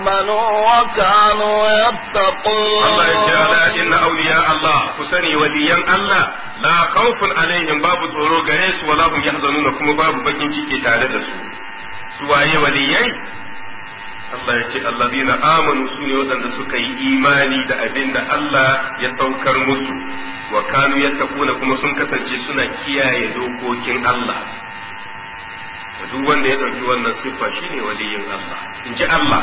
آمنوا وكانوا يتقون الله تعالى إن أولياء الله حسني وليا الله la khawfun alaihim babu tsoro gare su wala hum yahzanuna kuma babu bakin ciki tare da su su waye waliyai Allah ya ce allazina amanu su ne waɗanda suka yi imani da abin da Allah ya saukar musu wa kanu yattaquna kuma sun kasance suna kiyaye dokokin Allah duk wanda ya ɗauki wannan siffa shine waliyin Allah in ji Allah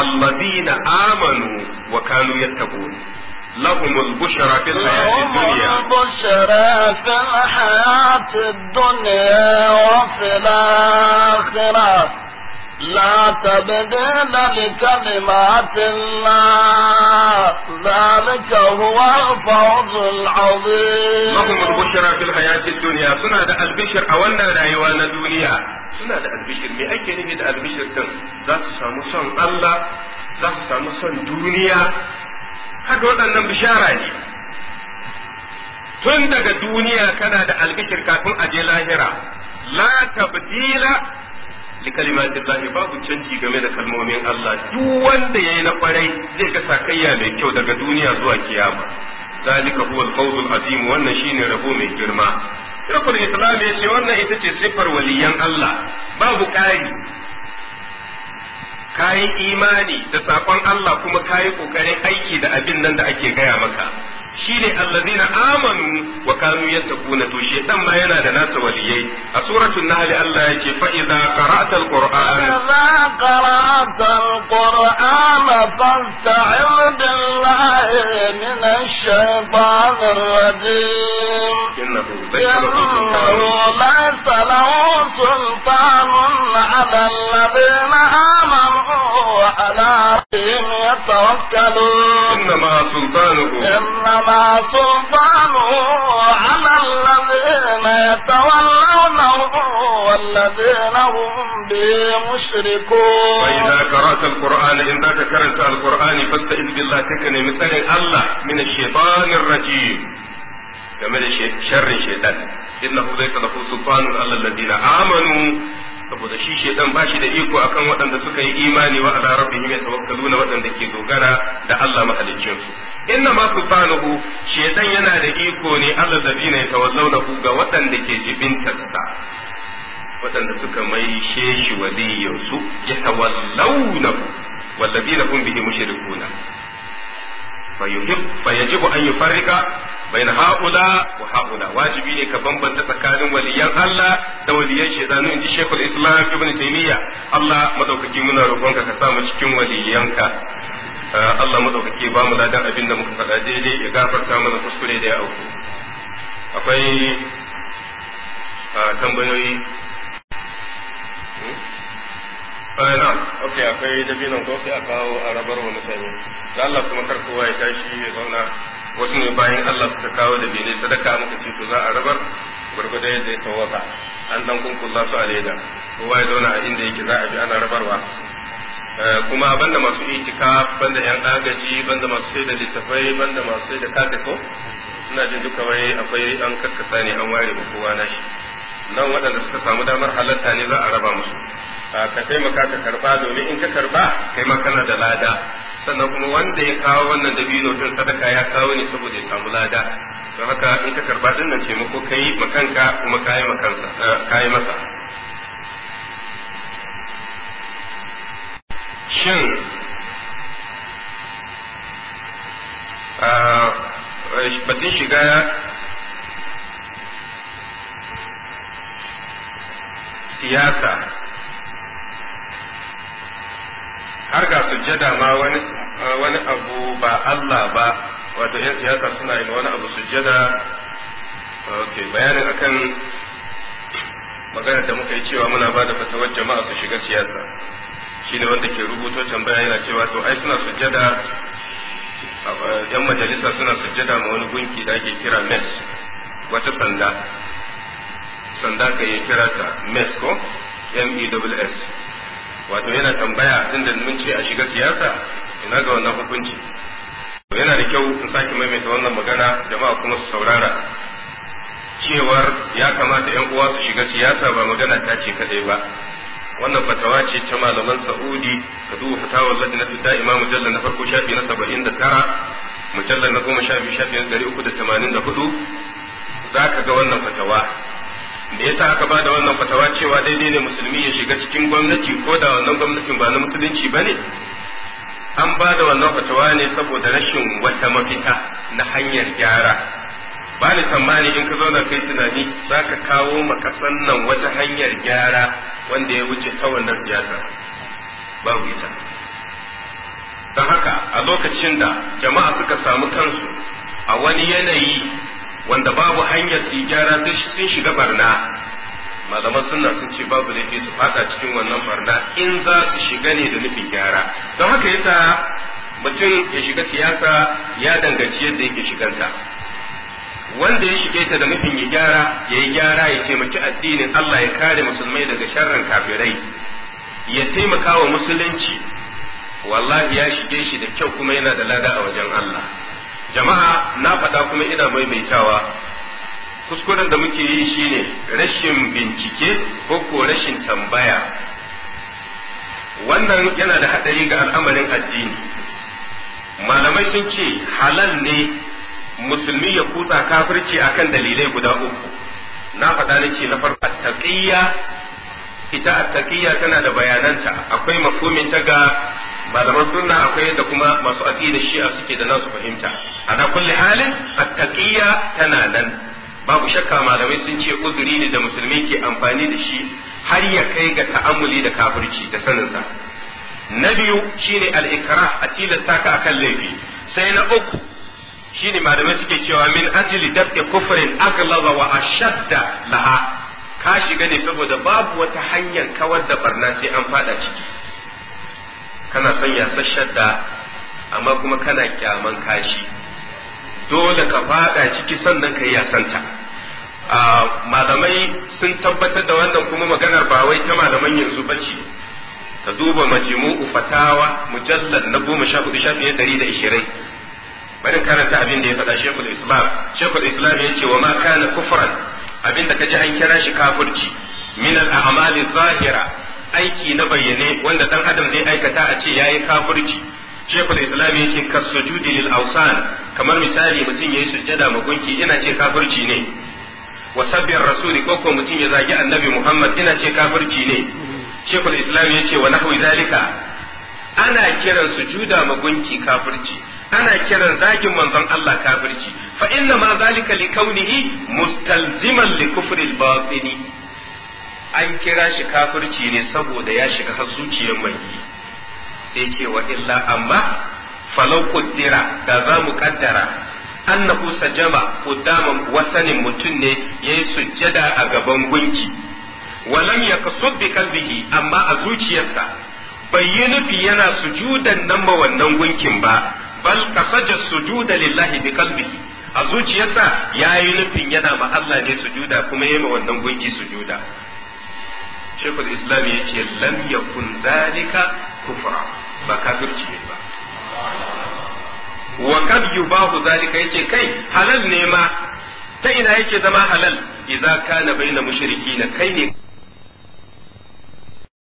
allazina amanu wa kanu yattaquna لهم البشرى في الحياة الدنيا لهم البشرى في الحياة الدنيا وفي الآخرة لا تبديل لكلمات الله ذلك هو الفوز العظيم لهم البشرى في الحياة الدنيا سنة البشر أولنا لا الدنيا suna da albishir me ake nufi da albishir din za su samu haka waɗannan bishara ne tun daga duniya kana da albishir kafin a je lahira la tabdila li kalimatillahi babu canji game da kalmomin Allah duk wanda yayi na kwarai zai ga sakayya mai kyau daga duniya zuwa kiyama zalika huwa al al azim wannan shine rabo mai girma Shekul Islam Islamiyya ce wannan ita ce siffar waliyan Allah babu ƙari Ka yi imani da sakon Allah kuma kayi ƙoƙarin aiki da abin nan da ake gaya maka shine allazina amanu wa kanu yattaquna to shedan ma yana da nasa waliyai a suratul nahl Allah yake fa idza qara'ta alquran idza qara'ta alquran fasta'in billahi minash shaytanir rajim innahu laysa lahu sultanun ala alladhina amanu wa ala rabbihim yatawakkalun innama sultanuhu innama سلطانه على الذين يتولونه والذين هم به مشركون وإذا قرأت القرآن إن ذاك كرنت القرآن فاستئذ بالله تكني مثل الله من الشيطان الرجيم game da sharrin shaitan innahu laysa lahu sultanun alal ladina amanu saboda shi shedan ba shi da iko akan waɗanda suka yi imani wa ala rabbihim yatawakkaluna waɗanda ke dogara da Allah mahaliccin su inna ma subhanahu shedan yana da iko ne Allah zabina ku ga waɗanda ke jibinta da waɗanda suka mai sheshi waliyyarsu yatawallawnahu wallazina hum bihi mushrikuna fayajibu an bai na haula wa haula wajibi ne ka bambanta tsakanin waliyan Allah da waliyan shaytanu inji Sheikhul Islam Ibn Taymiyyah Allah madaukaki muna roƙonka ka samu cikin waliyyanka. Allah madaukaki ba mu ladan abin da muka faɗa daidai ya gafarta mana kuskure da ya auku akwai tambayoyi Kwarai ah, na. Ok, akwai dabinan ko sai a kawo a rabar wa mutane. Da Allah kuma kar kowa ya tashi ya zauna. Wasu ne bayan Allah suka kawo da bene sadaka muka ce to za a rabar gurgurda yadda ya tawaka. An dan kunkulla su a leda. Kowa ya zauna a inda yake za a bi ana rabarwa. Eh, kuma banda masu itika banda yan agaji banda masu sai da littafai banda masu sai da katako suna jin duka wai akwai an karkasa ne an ware kowa na shi nan waɗanda suka samu damar halatta ne za a raba musu Ah, ka taimaka ka karba domin in ka karba kai ma kana da lada sannan kuma wanda ya kawo wannan dabino din sadaka ya kawo ne saboda ya samu lada don haka in ka karba din nan taimako kai makanka kuma kayi makansa eh, masa shin ah, eh, batun shiga siyasa har ga sujjada ma wani wani abu ba Allah ba wato yan siyasa suna yin wani abu sujjada bayanin akan magana da muka yi cewa muna ba da fatawar jama'a su shiga siyasa shi ne wanda ke rubuto tambaya yana cewa to ai suna sujjada yan majalisa suna sujjada ma wani gunki da ake kira mes wata sanda sanda ka yi kira ta mes ko mews wato yana tambaya tunda mun ce a shiga siyasa ina ga wannan hukunci to yana da kyau in sake maimaita wannan magana jama'a kuma su saurara cewar ya kamata yan uwa su shiga siyasa ba magana ta ce kadai ba wannan fatawa ce ta malaman sa'udi ka duba na tuta da'ima mujallal na farko shafi na saba'in da 79 mujallar na goma shafi shafi na dari uku da da tamanin hudu. Za ka ga wannan fatawa me yasa aka ba da wannan fatawa cewa daidai ne musulmi ya shiga cikin gwamnati ko da wannan gwamnatin ba na musulunci ba ne an ba da wannan fatawa ne saboda rashin wata mafita na hanyar gyara ba ni tsammani in ka zauna kai tunani za ka kawo makasan nan wata hanyar gyara wanda ya wuce ta wannan siyasa babu ita don haka a lokacin da jama'a suka samu kansu a wani yanayi wanda babu hanyar su gyara sun shiga barna malaman suna sun ce babu laifi su fada cikin wannan barna in za su shiga ne da nufin gyara don haka yasa mutum ya shiga siyasa ya danganci yadda yake shiganta wanda ya shige ta da nufin ya gyara ya yi gyara ya taimaki addinin Allah ya kare musulmai daga sharran kafirai ya taimaka wa musulunci wallahi ya shige shi da kyau kuma yana da lada a wajen Allah jama'a na faɗa kuma ina maimaitawa kuskuren da muke yi shine rashin bincike ko ko rashin tambaya wannan yana da haɗari ga al'amarin addini malamai sun ce halal ne musulmi ya kutsa kafirci akan dalilai guda uku na faɗa na ce na farko attaqiyya ita attaqiyya tana da bayananta akwai makomin ta ga malaman sunna akwai da kuma masu aqida shi'a suke da nasu fahimta ana kulli halin attaqiyya tana nan babu shakka malamai sun ce uzuri ne da musulmi ke amfani da shi har ya kai ga ta'amuli da kafirci da saninsa na biyu shine al-ikrah a tilasta ka akan laifi sai na uku shine malamai suke cewa min ajli daf'i kufrin aglaza wa ashadda laha ka shiga ne saboda babu wata hanyar kawar da barna sai an fada ciki kana son yasasshen da amma kuma kana kyaman kashi dole ka fada ciki sannan ka yi yasanta malamai sun tabbatar da wannan kuma maganar ba wai ta malaman yanzu bace ta duba majimu ufatawa mujallar na goma sha hudu shafi ɗari da ishirin bari karanta abin da ya faɗa shekul islam shekul islam ya ce wa ma kana kufran abin da ka ji an kira shi kafurci minal al-a'mali zahira aiki na bayyane wanda dan adam zai aikata a ce yayi kafirci shekul islam yake kasujudi lil awsan kamar misali mutum yayi sujjada ma gunki ina ce kafirci ne wa sabbin rasuli ko ko mutum ya zagi annabi muhammad ina ce kafirci ne shekul islam yake wa nahwi zalika ana kiran sujuda ma gunki kafirci ana kiran zagin manzon Allah kafirci fa inna ma zalika li kaunihi mustalziman li kufril batini an kira shi kafirci ne saboda ya shiga har zuciyar mai sai ce wa illa amma falau kuddira da za mu kaddara annahu sajama kudaman wasanin mutum ne yayi sujjada a gaban gunki walam yaqsud bi qalbihi amma a zuciyarsa bai yi nufi yana sujudan nan ma wannan gunkin ba bal kasaja sujuda lillahi bi qalbihi a zuciyarsa yayi nufin yana ma Allah ne sujuda kuma yayi ma wannan gunki sujuda shekul islam ya ce lam yakun zalika kufra ba kafirci ne ba wa kad yubahu zalika yace kai halal ne ma ta ina yake zama halal idza kana baina mushrikina kai ne